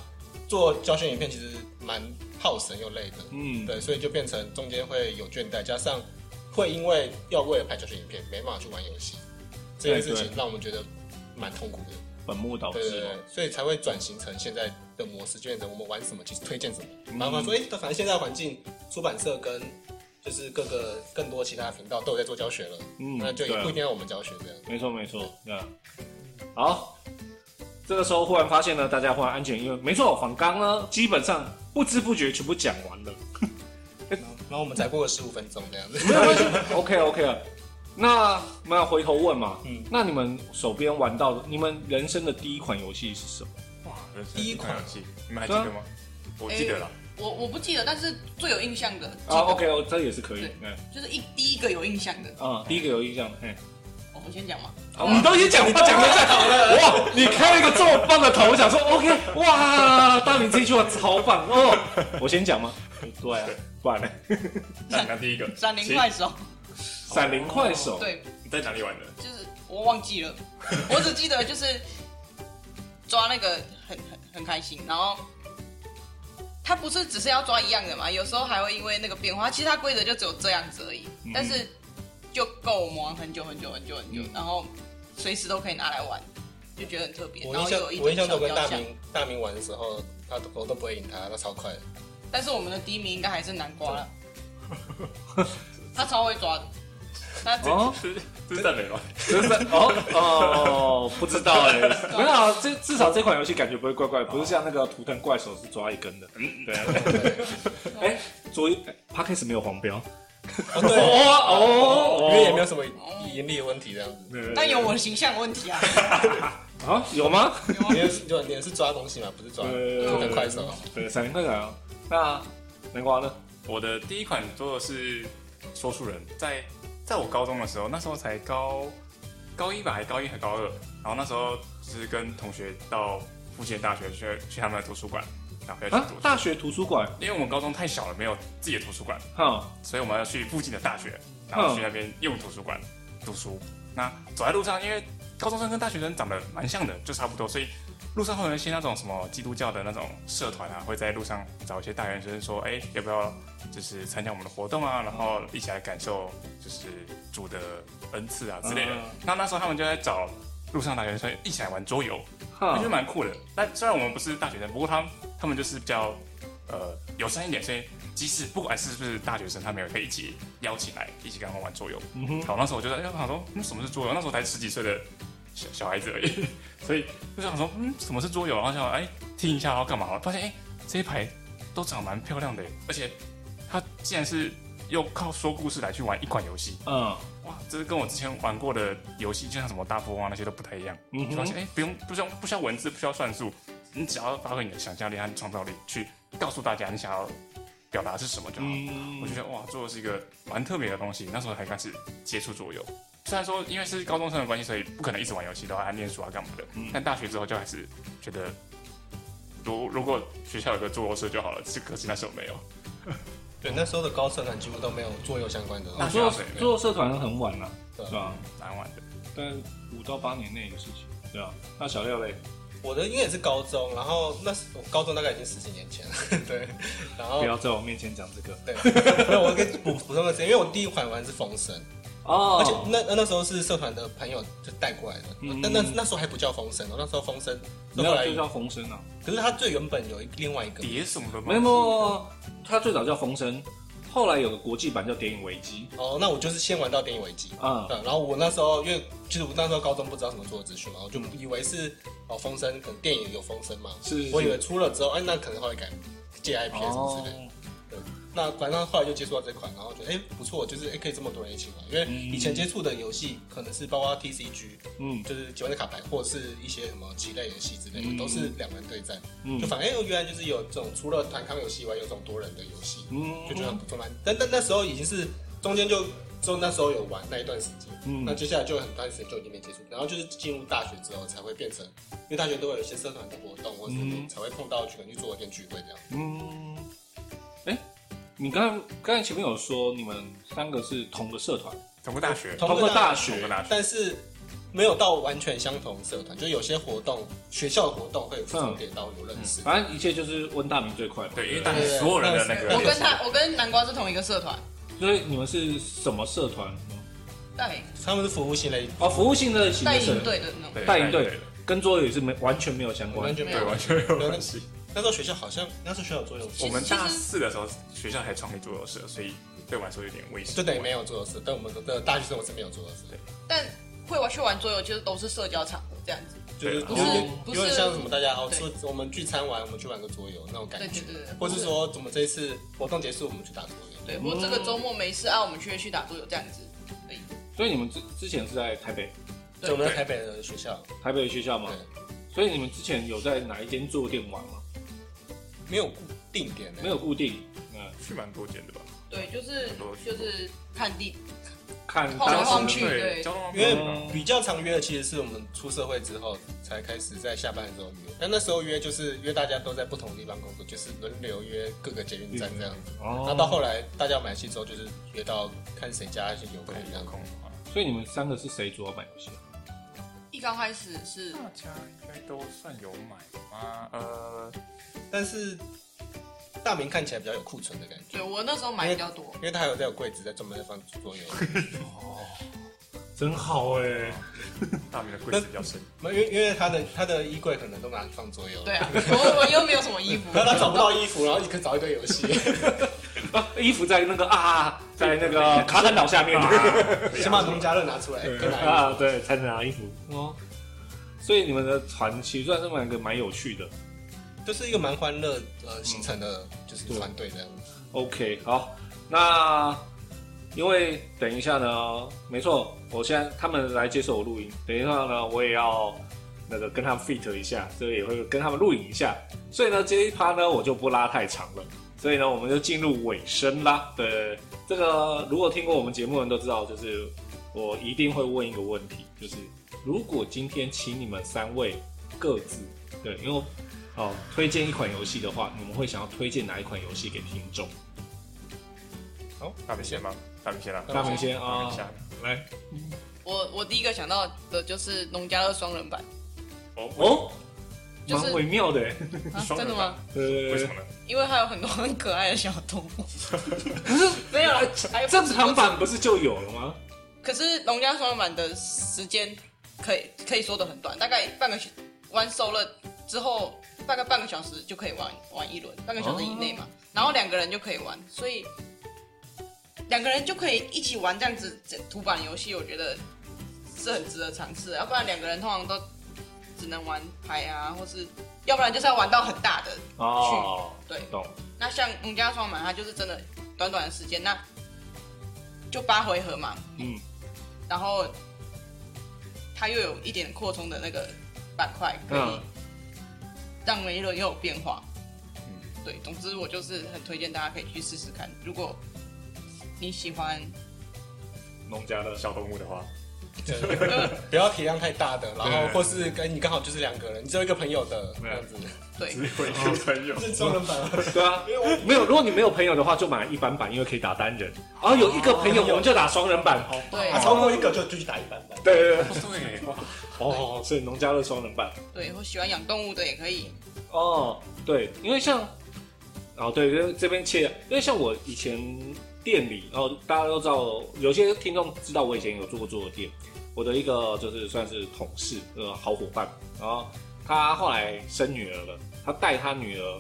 做教學影片，其實蠻耗神又累的。嗯，對，所以就變成中間會有倦怠，加上會因為要為了拍教學影片，沒辦法去玩遊戲，這件事情讓我們覺得蠻痛苦的。本末倒置。對對對，所以才會轉型成現在的模式，就是我們玩什麼，其實推薦什麼。明白嗎？所、欸、以，反正現在環境，出版社跟就是各個更多其他頻道都有在做教學了，嗯，對，不一定要我們教學這樣。沒錯沒錯，對、啊。好，這個時候忽然發現呢，大家忽然安全，因為沒錯，反正剛剛呢基本上不知不覺全部講完了 然，然後我們才過了十五分鐘這樣子。沒有問題，OK OK 啊。那我們要回頭問嘛？嗯。那你們手邊玩到，你們人生的第一款遊戲是什麼？第一款、啊，你們還記得嗎？欸、我記得了、啊，我我不記得，但是最有印象的啊、哦哦、，OK，、哦、這也是可以，嗯，就是一第一個有印象的啊，第一個有印象的，嗯，對對我們先講嘛、哦、你都先講，你講的在好了，哇，你開了一個這麼棒的, 麼棒的頭，我想說，OK，哇，大明這句話超棒哦， 我先講嗎？對啊，不然呢？看 看第一個，閃靈快手，閃靈快手，對，在哪裡玩的？就是我忘記了，我只記得就是抓那個。很很開心，然後他不是只是要抓一樣的嘛？有時候還會因為那個變化，其實他規則就只有這樣子而已。嗯、但是就夠我們玩很久很久很久很久，嗯、然後隨時都可以拿來玩，就覺得很特別。然後就，我印象中跟大明大明玩的時候，他的狗都不會贏他，他超快。但是我們的第一名應該還是南瓜了，嗯、 他超會抓的。哦，這是讚美嗎？不哦哦，哦 不知道哎、欸， 沒有啊，這至少這款遊戲感覺不會怪怪，不是像那個圖騰怪手是抓一根的，嗯，對。哎，昨天他開始沒有黃標，哦對哦哦，哦，哦，哦，哦，因為也沒有什麼嚴厲的問題這樣子，哦、對對對對，但有我的形象問題啊？對對對對啊，有嗎？因為臉是抓東西嘛，不是抓圖騰快對對對對手，三根快手啊。那，個喔、那南瓜呢？我的第一款做的是說書人，在。在我高中的時候，那時候才高高一吧，還高一還高二，然後那時候就是跟同學到附近的大學去去他們的圖書館，然後要去讀、啊、大學圖書館，因為我們高中太小了，沒有自己的圖書館，哈、哦、所以我們要去附近的大學，然後去那邊用圖書館、哦、讀書。那走在路上，因為高中生跟大學生長得蠻像的，就差不多，所以。路上會有一些那種什麼基督教的那種社團啊，會在路上找一些大學生說：“哎、欸，要不要就是參加我們的活動啊？然後一起來感受就是主的恩賜啊之類的。嗯”那那時候他們就在找路上大學生一起來玩桌遊，我覺得蠻酷的。但雖然我們不是大學生，不過他們他們就是比較呃友善一點，所以即使不管是不是大學生，他們也可以一起邀請來一起跟我玩桌遊、嗯哼。好，那時候我覺得哎，我、欸、說那什麼是桌遊？那時候才十幾歲的小小孩子而已，所以就想說，嗯，什麼是桌遊、啊？然後想，哎、欸，聽一下、喔，然後幹嘛、啊？發現，哎、欸，這一排都長得蠻漂亮的，而且它既然是又靠說故事來去玩一款遊戲，嗯，哇，這是跟我之前玩過的遊戲，就像什麼大富翁啊那些都不太一樣。嗯，就發現，哎、欸，不用，不用，不需要文字，不需要算術，你只要發揮你的想象力和創造力，去告訴大家你想要表達是什麼就好、嗯。我就覺得，哇，桌遊是一個蠻特別的東西。那時候才開始接觸桌遊。雖然說，因為是高中生的關係，所以不可能一直玩遊戲，的話還念書啊，幹嘛的、嗯。但大學之後，就還是覺得，如果如果學校有個桌遊社就好了。只可是那時候沒有。對，那時候的高社團幾乎都沒有桌遊相關的。那時候桌遊社團很晚了、啊，對啊，蠻晚的。但五到八年內有事情。對啊，那小六嘞？我的因為也是高中，然後那是高中大概已經十幾年前了。 對，然後不要在我面前講這個。對，那 我可以補補充個事， 因為我第一款玩的是《封神》。哦，而且那那時候是社團的朋友就帶過來的，那、嗯、那那時候還不叫風聲哦，那時候風聲，沒有來就叫風聲啊。可是它最原本有另外一個碟什麼的嗎？沒有，它最早叫風聲、嗯，後來有個國際版叫《諜影危機》。哦，那我就是先玩到《諜影危機》啊、嗯，然後我那時候因為其實我那時候高中不知道什麼做的資訊嘛，我就以為是、嗯、哦風聲，可能電影有風聲嘛，是，是，是，我以為出了之後，哎，那可能會改 JIPS、哦、之類。那反正後來就接觸到這款，然後覺得哎、欸、不錯，就是哎、欸，可以這麼多人一起玩。因為以前接觸的遊戲可能是包括 TCG，嗯，就是幾萬的卡牌，或是一些什麼棋類遊戲之類的，的、嗯，都是兩兩人對戰。嗯、就反正、欸，原來就是有這種除了團康遊戲以外，有這種多人的遊戲、嗯，就覺得很不錯。但但那時候已經是中間就就那時候有玩那一段時間、嗯，那接下來就很短時間就已經沒接觸。然後就是進入大學之後才會變成，因為大學都會有一些社團的活動，或者才會碰到去跟去做一些聚會這樣你剛剛剛才前面有說，你們三個是同個社團，同個大學，同個大學，但是沒有到完全相同社團、嗯，就有些活動，學校的活動會分別到有認識、嗯嗯，反正一切就是問大明最快嘛，對，因為大明是所有人的那個對對對對對對。我跟他，我跟南瓜是同一個社團，所以你們是什麼社團？帶他們是服務性類，哦，服務性的型的，帶營隊的那種，帶營隊，跟桌遊也是沒完全沒有相關，完全沒有關係。 那時候學校好像那時候學校有桌遊室，我們大四的時候學校還創立桌遊室，所以對我來說有點危險。就等於沒有桌遊室，但我們的大學生活是沒有桌遊室。對。但會玩去玩桌遊，就是都是社交場合這樣子，就是不是，不是有點像什麼大家好說我們聚餐玩，我們去玩個桌遊那種感覺。對對對，對。或是說怎麼這一次活動結束，我們去打桌遊。對。不過這個周末沒事、嗯、啊，我們去去打桌遊這樣子，所以你們之之前是在台北，對，我們在台北的學校，台北的學校嘛。對。所以你們之前有在哪一間桌電玩嗎？沒有固定點的、欸，沒有固定，那去蠻多間的吧。對，就是很多就是看地，看交通去對，因為比較常約的，其實是我們出社會之後才開始在下班的時候約。那那時候約就是約，大家都在不同的地方工作，就是輪流約各個捷運站這樣子。嗯、哦。那到後來大家買戲之後，就是約到看誰家還是開空有空這樣子。所以你們三個是誰主要買遊戲？一剛開始是大家應該都算有買嗎？呃。但是大明看起來比較有庫存的感覺。對，我那時候買比較多，因為，因為他還有在有櫃子在專門在放桌遊。哦，真好哎、哦！大明的櫃子比較深。因為因為他的他的衣櫃可能都拿來放桌遊，對啊，我我又沒有什麼衣服。那 他找不到衣服，然後立刻找一堆遊戲。衣服在那個啊，在那個卡坦島下面。啊啊、先把農家樂拿出來，啊，對，才能拿衣服。哦，所以你們的傳奇算是蠻個蠻有趣的。就是一個蠻歡樂呃形成的，就是團隊這樣、嗯嗯。OK，好，那因為等一下呢，沒錯，我現在他們來接受我錄音，等一下呢，我也要那個跟他們 fit 一下，所以也會跟他們錄影一下。所以呢，這一趴呢，我就不拉太長了。所以呢，我們就進入尾聲啦。對，這個如果聽過我們節目的人都知道，就是我一定會問一個問題，就是如果今天請你們三位各自對，因為。哦、推薦一款遊戲的話，你們會想要推薦哪一款遊戲給聽眾？哦，大明星嗎？大明星啊，大明星啊！來，我我第一個想到的就是《農家樂雙人版》。哦，就是蠻微妙的耶、啊，真的嗎、呃？為什麼呢？因為還有很多很可愛的小動物。可 是沒有啊啦，正 正常版不是就有了嗎？可是《農家雙人版》的時間可以可以說得很短，大概半個小玩 n 了之後大概半個小時就可以玩玩一輪，半個小時以內嘛。嗯、然後兩個人就可以玩，所以兩個人就可以一起玩這樣子圖版遊戲，我覺得是很值得嘗試的。要不然兩個人通常都只能玩牌啊，或是要不然就是要玩到很大的去哦，哦。對，懂。那像農家雙滿，它就是真的短短的時間，那就八回合嘛。嗯。然後它又有一點擴充的那個板塊可以、嗯。但每一輪也有變化。嗯，對，總之我就是很推薦大家可以去試試看，如果你喜歡農家的小動物的話。對對 不要體量太大的，然後或是跟你剛好就是兩個人，你只有一個朋友的這樣子， 對，只有一個朋友 是雙人版嗎？ 對啊，沒有，如果你沒有朋友的話，就買一般版，因為可以打單人。然、哦、後有一個朋友，哦、我們就打雙人版，哦，對、啊，超過一個就繼續打一般版。對對對， 對哦，所以農家樂雙人版，對，我喜歡養動物的也可以。哦，對，因為像哦，對，就這邊切，因為像我以前店裡，然、哦、後大家都知道，有些聽眾知道我以前有做過做的店。我的一個就是算是同事呃、好夥伴，然後他後來生女兒了，他帶他女兒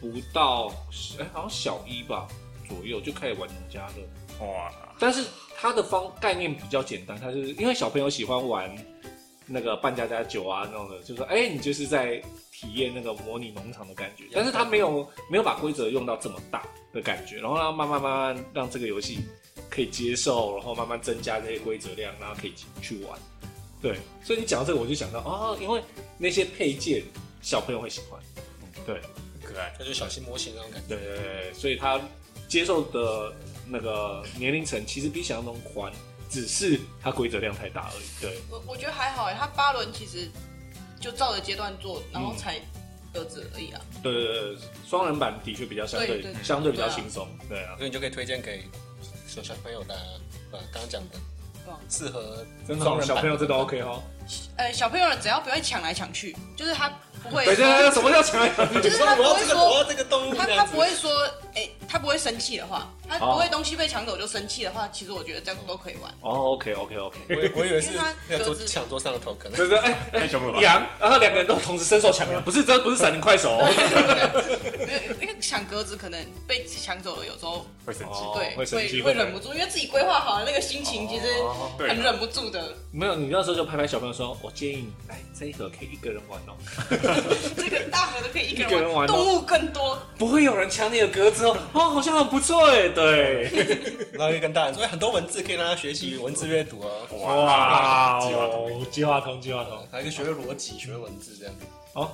不到，哎好像小一吧左右就開始玩農家樂，哇！但是他的方概念比較簡單，他就是因為小朋友喜歡玩那個扮家家酒啊那種的，就說哎你就是在體驗那個模擬農場的感覺，但是他沒有沒有把規則用到這麼大的感覺，然後呢，慢慢慢慢讓這個遊戲。可以接受，然後慢慢增加這些規則量，然後可以去玩。對，所以你講到這個，我就想到哦，因為那些配件小朋友會喜歡，對，可愛，他就是、小型模型那種感覺。對對對，所以他接受的那個年齡層其實比想象中寬，只是它規則量太大而已。對，我我覺得還好哎，他八輪其實就照着階段做，然後才得之而已啊、嗯。對對對，雙人版的確比較相對，對，對，對，對相對比較輕鬆對、啊對啊，對啊，所以你就可以推薦給。小朋友的，呃、啊，剛剛講的，適、嗯、合真的、嗯嗯、小朋友，這都 OK 哦。呃、嗯，小朋友只要不要搶來搶去，就是他不會。什麼叫搶來搶去？就是他不會說，他、就是、他不會說，哎、就是這個欸，他不會生氣的話。他不會東西被搶走就生氣的話，其實我覺得這樣都可以玩。哦、oh,，OK，OK，OK、okay, okay, okay.。我以為是搶 桌上的頭，可能。對對，哎，哎、欸，小朋友，羊，嗯、然後兩個人都同時伸手搶了、嗯，不是，這、嗯、不是閃靈快手。哦。因為搶格子可能被搶走了，有時候會生氣，對，會會忍不住，因為自己規劃好了，那個心情其實很忍不住的。沒有，你那時候就拍拍小朋友說：“我建議你來這一盒可以一個人玩哦、喔。 ”這個大盒的可以一個，一個人玩，動物更多，不會有人搶你的格子哦、喔。 哦，好像很不錯哎、欸。對， 然後可以跟大人說、欸，很多文字可以讓他學習文字閱讀哦、啊。哇，嗯、哇 9, 哇哦，計劃通，計劃通，還可以學邏輯、學文字這樣子。好、哦，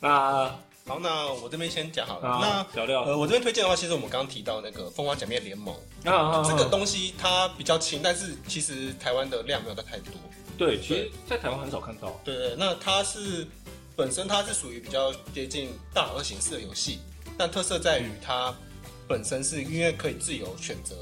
那好，那我這邊先講好了、哦。那小六，呃，我這邊推薦的話，其實我們剛剛提到那個《風花假面聯盟啊、嗯》啊，這個東西它比較輕、嗯，但是其實台灣的量沒有到太多。對，其實在台灣、哦、很少看到。對對，那它是本身它是屬於比較接近大鵝形式的遊戲，但特色在於它。嗯本身是因為可以自由選擇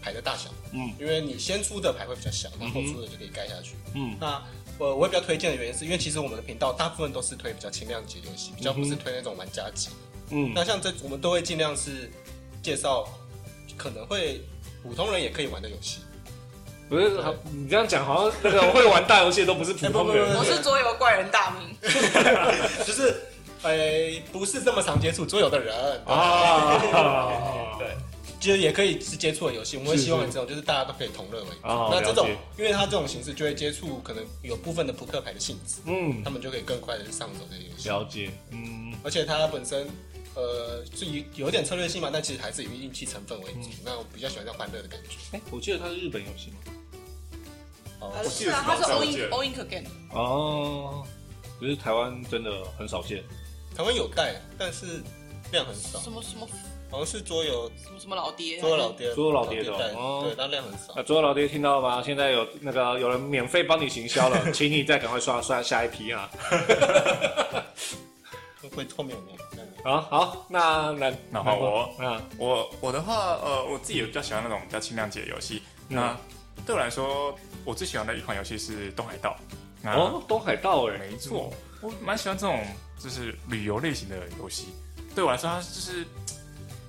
牌的大小的，嗯，因為你先出的牌會比較小，然後出的就可以蓋下去，嗯，嗯。那我也比較推薦的原因是因為其實我們的頻道大部分都是推比較輕量級的遊戲，比較不是推那種玩家級。嗯。那像這我們都會盡量是介紹可能會普通人也可以玩的遊戲。不是，好你這樣講好像那個會玩大遊戲的都不是普通人。欸、不不不，我是桌遊怪人大名。就是。哎、欸，不是這麼常接觸，所有的人啊，對，其、啊、實也可以是接觸遊戲。我們會希望這種就是大家都可以同樂為。哦，那這種，因為它這種形式就會接觸，可能有部分的撲克牌的性質，嗯，他們就可以更快的上手這個遊戲。了解，嗯，而且它本身，呃，是有有點策略性嘛，但其實還是以運氣成分為主、嗯。那我比較喜歡這樣歡樂的感覺。哎、欸，我記得它是日本遊戲嗎、哦？是啊，它、哦是，啊、是 Oink i n Again。哦，可是台灣真的很少見。台灣有帶，但是量很少。什麼什麼？好像是桌遊，什麼什麼老爹？桌遊老爹的，桌遊老爹是吧？的對，但量很少。啊，桌遊老爹聽到了嗎？現在有那個有人免費幫你行銷了， 請你再趕快刷刷下一批啊！ 會透明的啊！好，那來，然後我，我我的話，呃，我自己也比較喜歡那種比較輕量級的遊戲、嗯。那對我來說，我最喜歡的一款遊戲是東、哦，《東海道》。哦，《東海道》哎，沒錯，我蠻喜歡這種。就是旅遊類型的遊戲，對我來說，它就是嗯，就是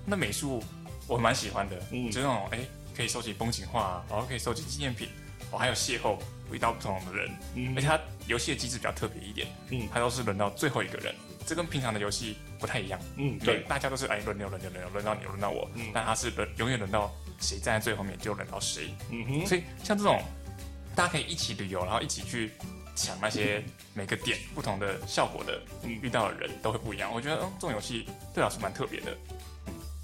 那美術我蠻喜歡的，就那種哎，可以收集風景畫，啊，然後可以收集紀念品，哦，還有邂逅遇到不同的人，嗯，而且它遊戲的機制比較特別一點，它都是輪到最後一個人，這跟平常的遊戲不太一樣，嗯，對，大家都是哎輪流輪流輪流輪到你輪到我，嗯，但它是輪永遠輪到誰站在最後面就輪到誰，嗯哼，所以像這種大家可以一起旅遊，然後一起去。搶那些每個點不同的效果的，遇到的人都會不一樣。我覺得，嗯，這種遊戲對我是蠻特別的，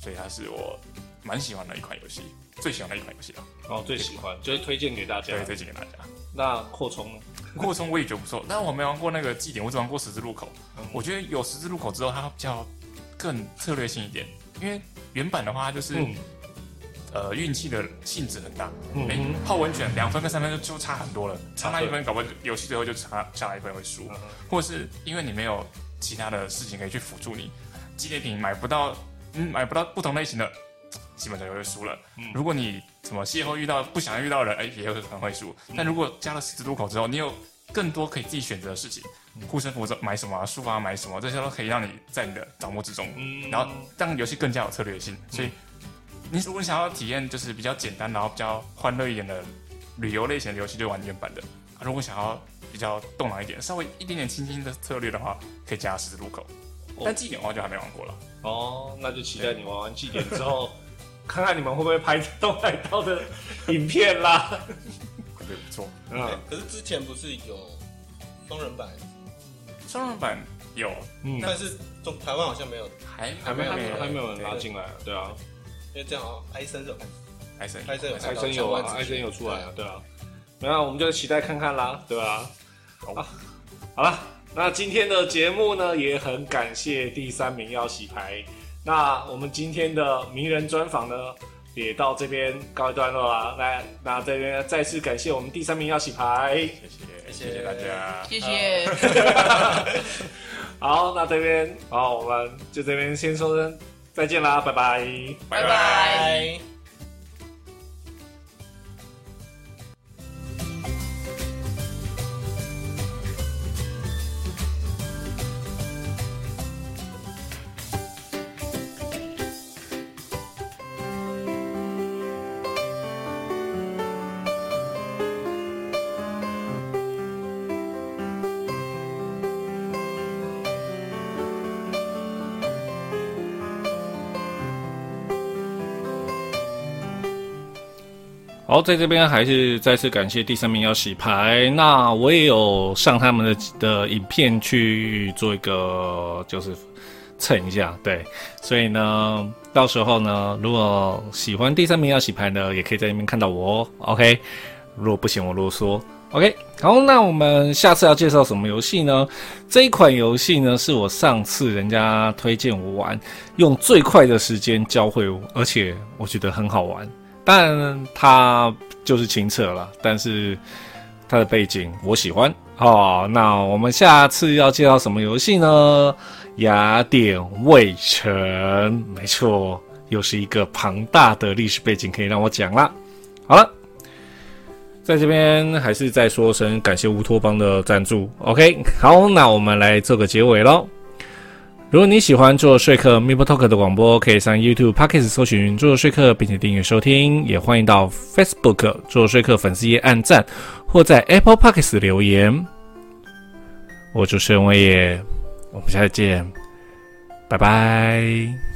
所以它是我蠻喜歡的一款遊戲，最喜歡的一款遊戲了。哦，最喜歡就是推薦給大家、啊。對，推薦給大家。那擴充呢？擴充我也覺得不錯。但我沒玩過那個祭典，我只玩過十字路口、嗯。我覺得有十字路口之後，它比較更策略性一點，因為原版的話它就是、嗯。呃，運氣的性質很大。嗯，泡溫泉，兩分跟三分就就差很多了，差那一分，搞不好，遊戲最後就差差那一分會輸，或者是因為你沒有其他的事情可以去輔助你，紀念品買不到，嗯，買不到不同類型的，基本上就會輸了。嗯，如果你什麼邂逅，遇到不想遇到的人，哎、嗯，也有可能會輸、嗯。但如果加了十字路口之後，你有更多可以自己選擇的事情，護身符這買什麼、啊，書房、啊、買什麼，這些都可以讓你在你的掌握之中、嗯，然後讓遊戲更加有策略性。所以。嗯你如果想要體驗，就是比較簡單，然後比較歡樂一點的旅遊類型的遊戲，就玩原版的。如果想要比較動腦一點，稍微一點點輕輕的策略的話，可以加十字路口。但祭典的話，就還沒玩過了。哦，那就期待你玩完祭典之後、欸，看看你們會不會拍東海道的影片啦。對，不錯、欸。可是之前不是有雙人版？雙人版有，嗯、但是從台灣好像沒有，還還沒有，還沒有人拉進來對對。對啊。就這樣哦、喔，埃森有，埃森，有，埃森有，埃森，森、啊、森有出來了，對啊，沒有、啊，我們就期待看看啦，對啊，好，好了，那今天的節目呢，也很感謝第三名要洗牌，那我們今天的名人專訪呢，也到這邊告一段落啊。來，那這邊再次感謝我們第三名要洗牌，謝謝，謝謝大家，謝謝，好， 好那這邊，好，我們就這邊先說聲。再見啦，拜拜，拜拜。拜拜。好，在這邊還是再次感謝第三名要洗牌。那我也有上他們的的影片去做一個，就是蹭一下。對，所以呢，到時候呢，如果喜歡第三名要洗牌呢，也可以在那邊看到我哦。哦 OK，如果不嫌我囉嗦。OK，好，那我們下次要介紹什麼遊戲呢？這一款遊戲呢，是我上次人家推薦我玩，用最快的時間教會我，而且我覺得很好玩。但它就是清澈了，但是它的背景我喜歡哦。Oh, 那我們下次要介紹什麼遊戲呢？雅典衛城，沒錯，又是一個龐大的歷史背景可以讓我講啦。好了，在這邊還是再說聲感謝吾托邦的贊助。OK，好，那我們來做個結尾嘍。如果你喜歡桌遊說客，MeepleTalk 的廣播，可以上 YouTube、Podcast 搜尋桌遊說客，並且訂閱收聽。也歡迎到 Facebook 桌遊說客粉絲頁按讚，或在 Apple Podcast 留言。我主持人我也，我們下次見，拜拜。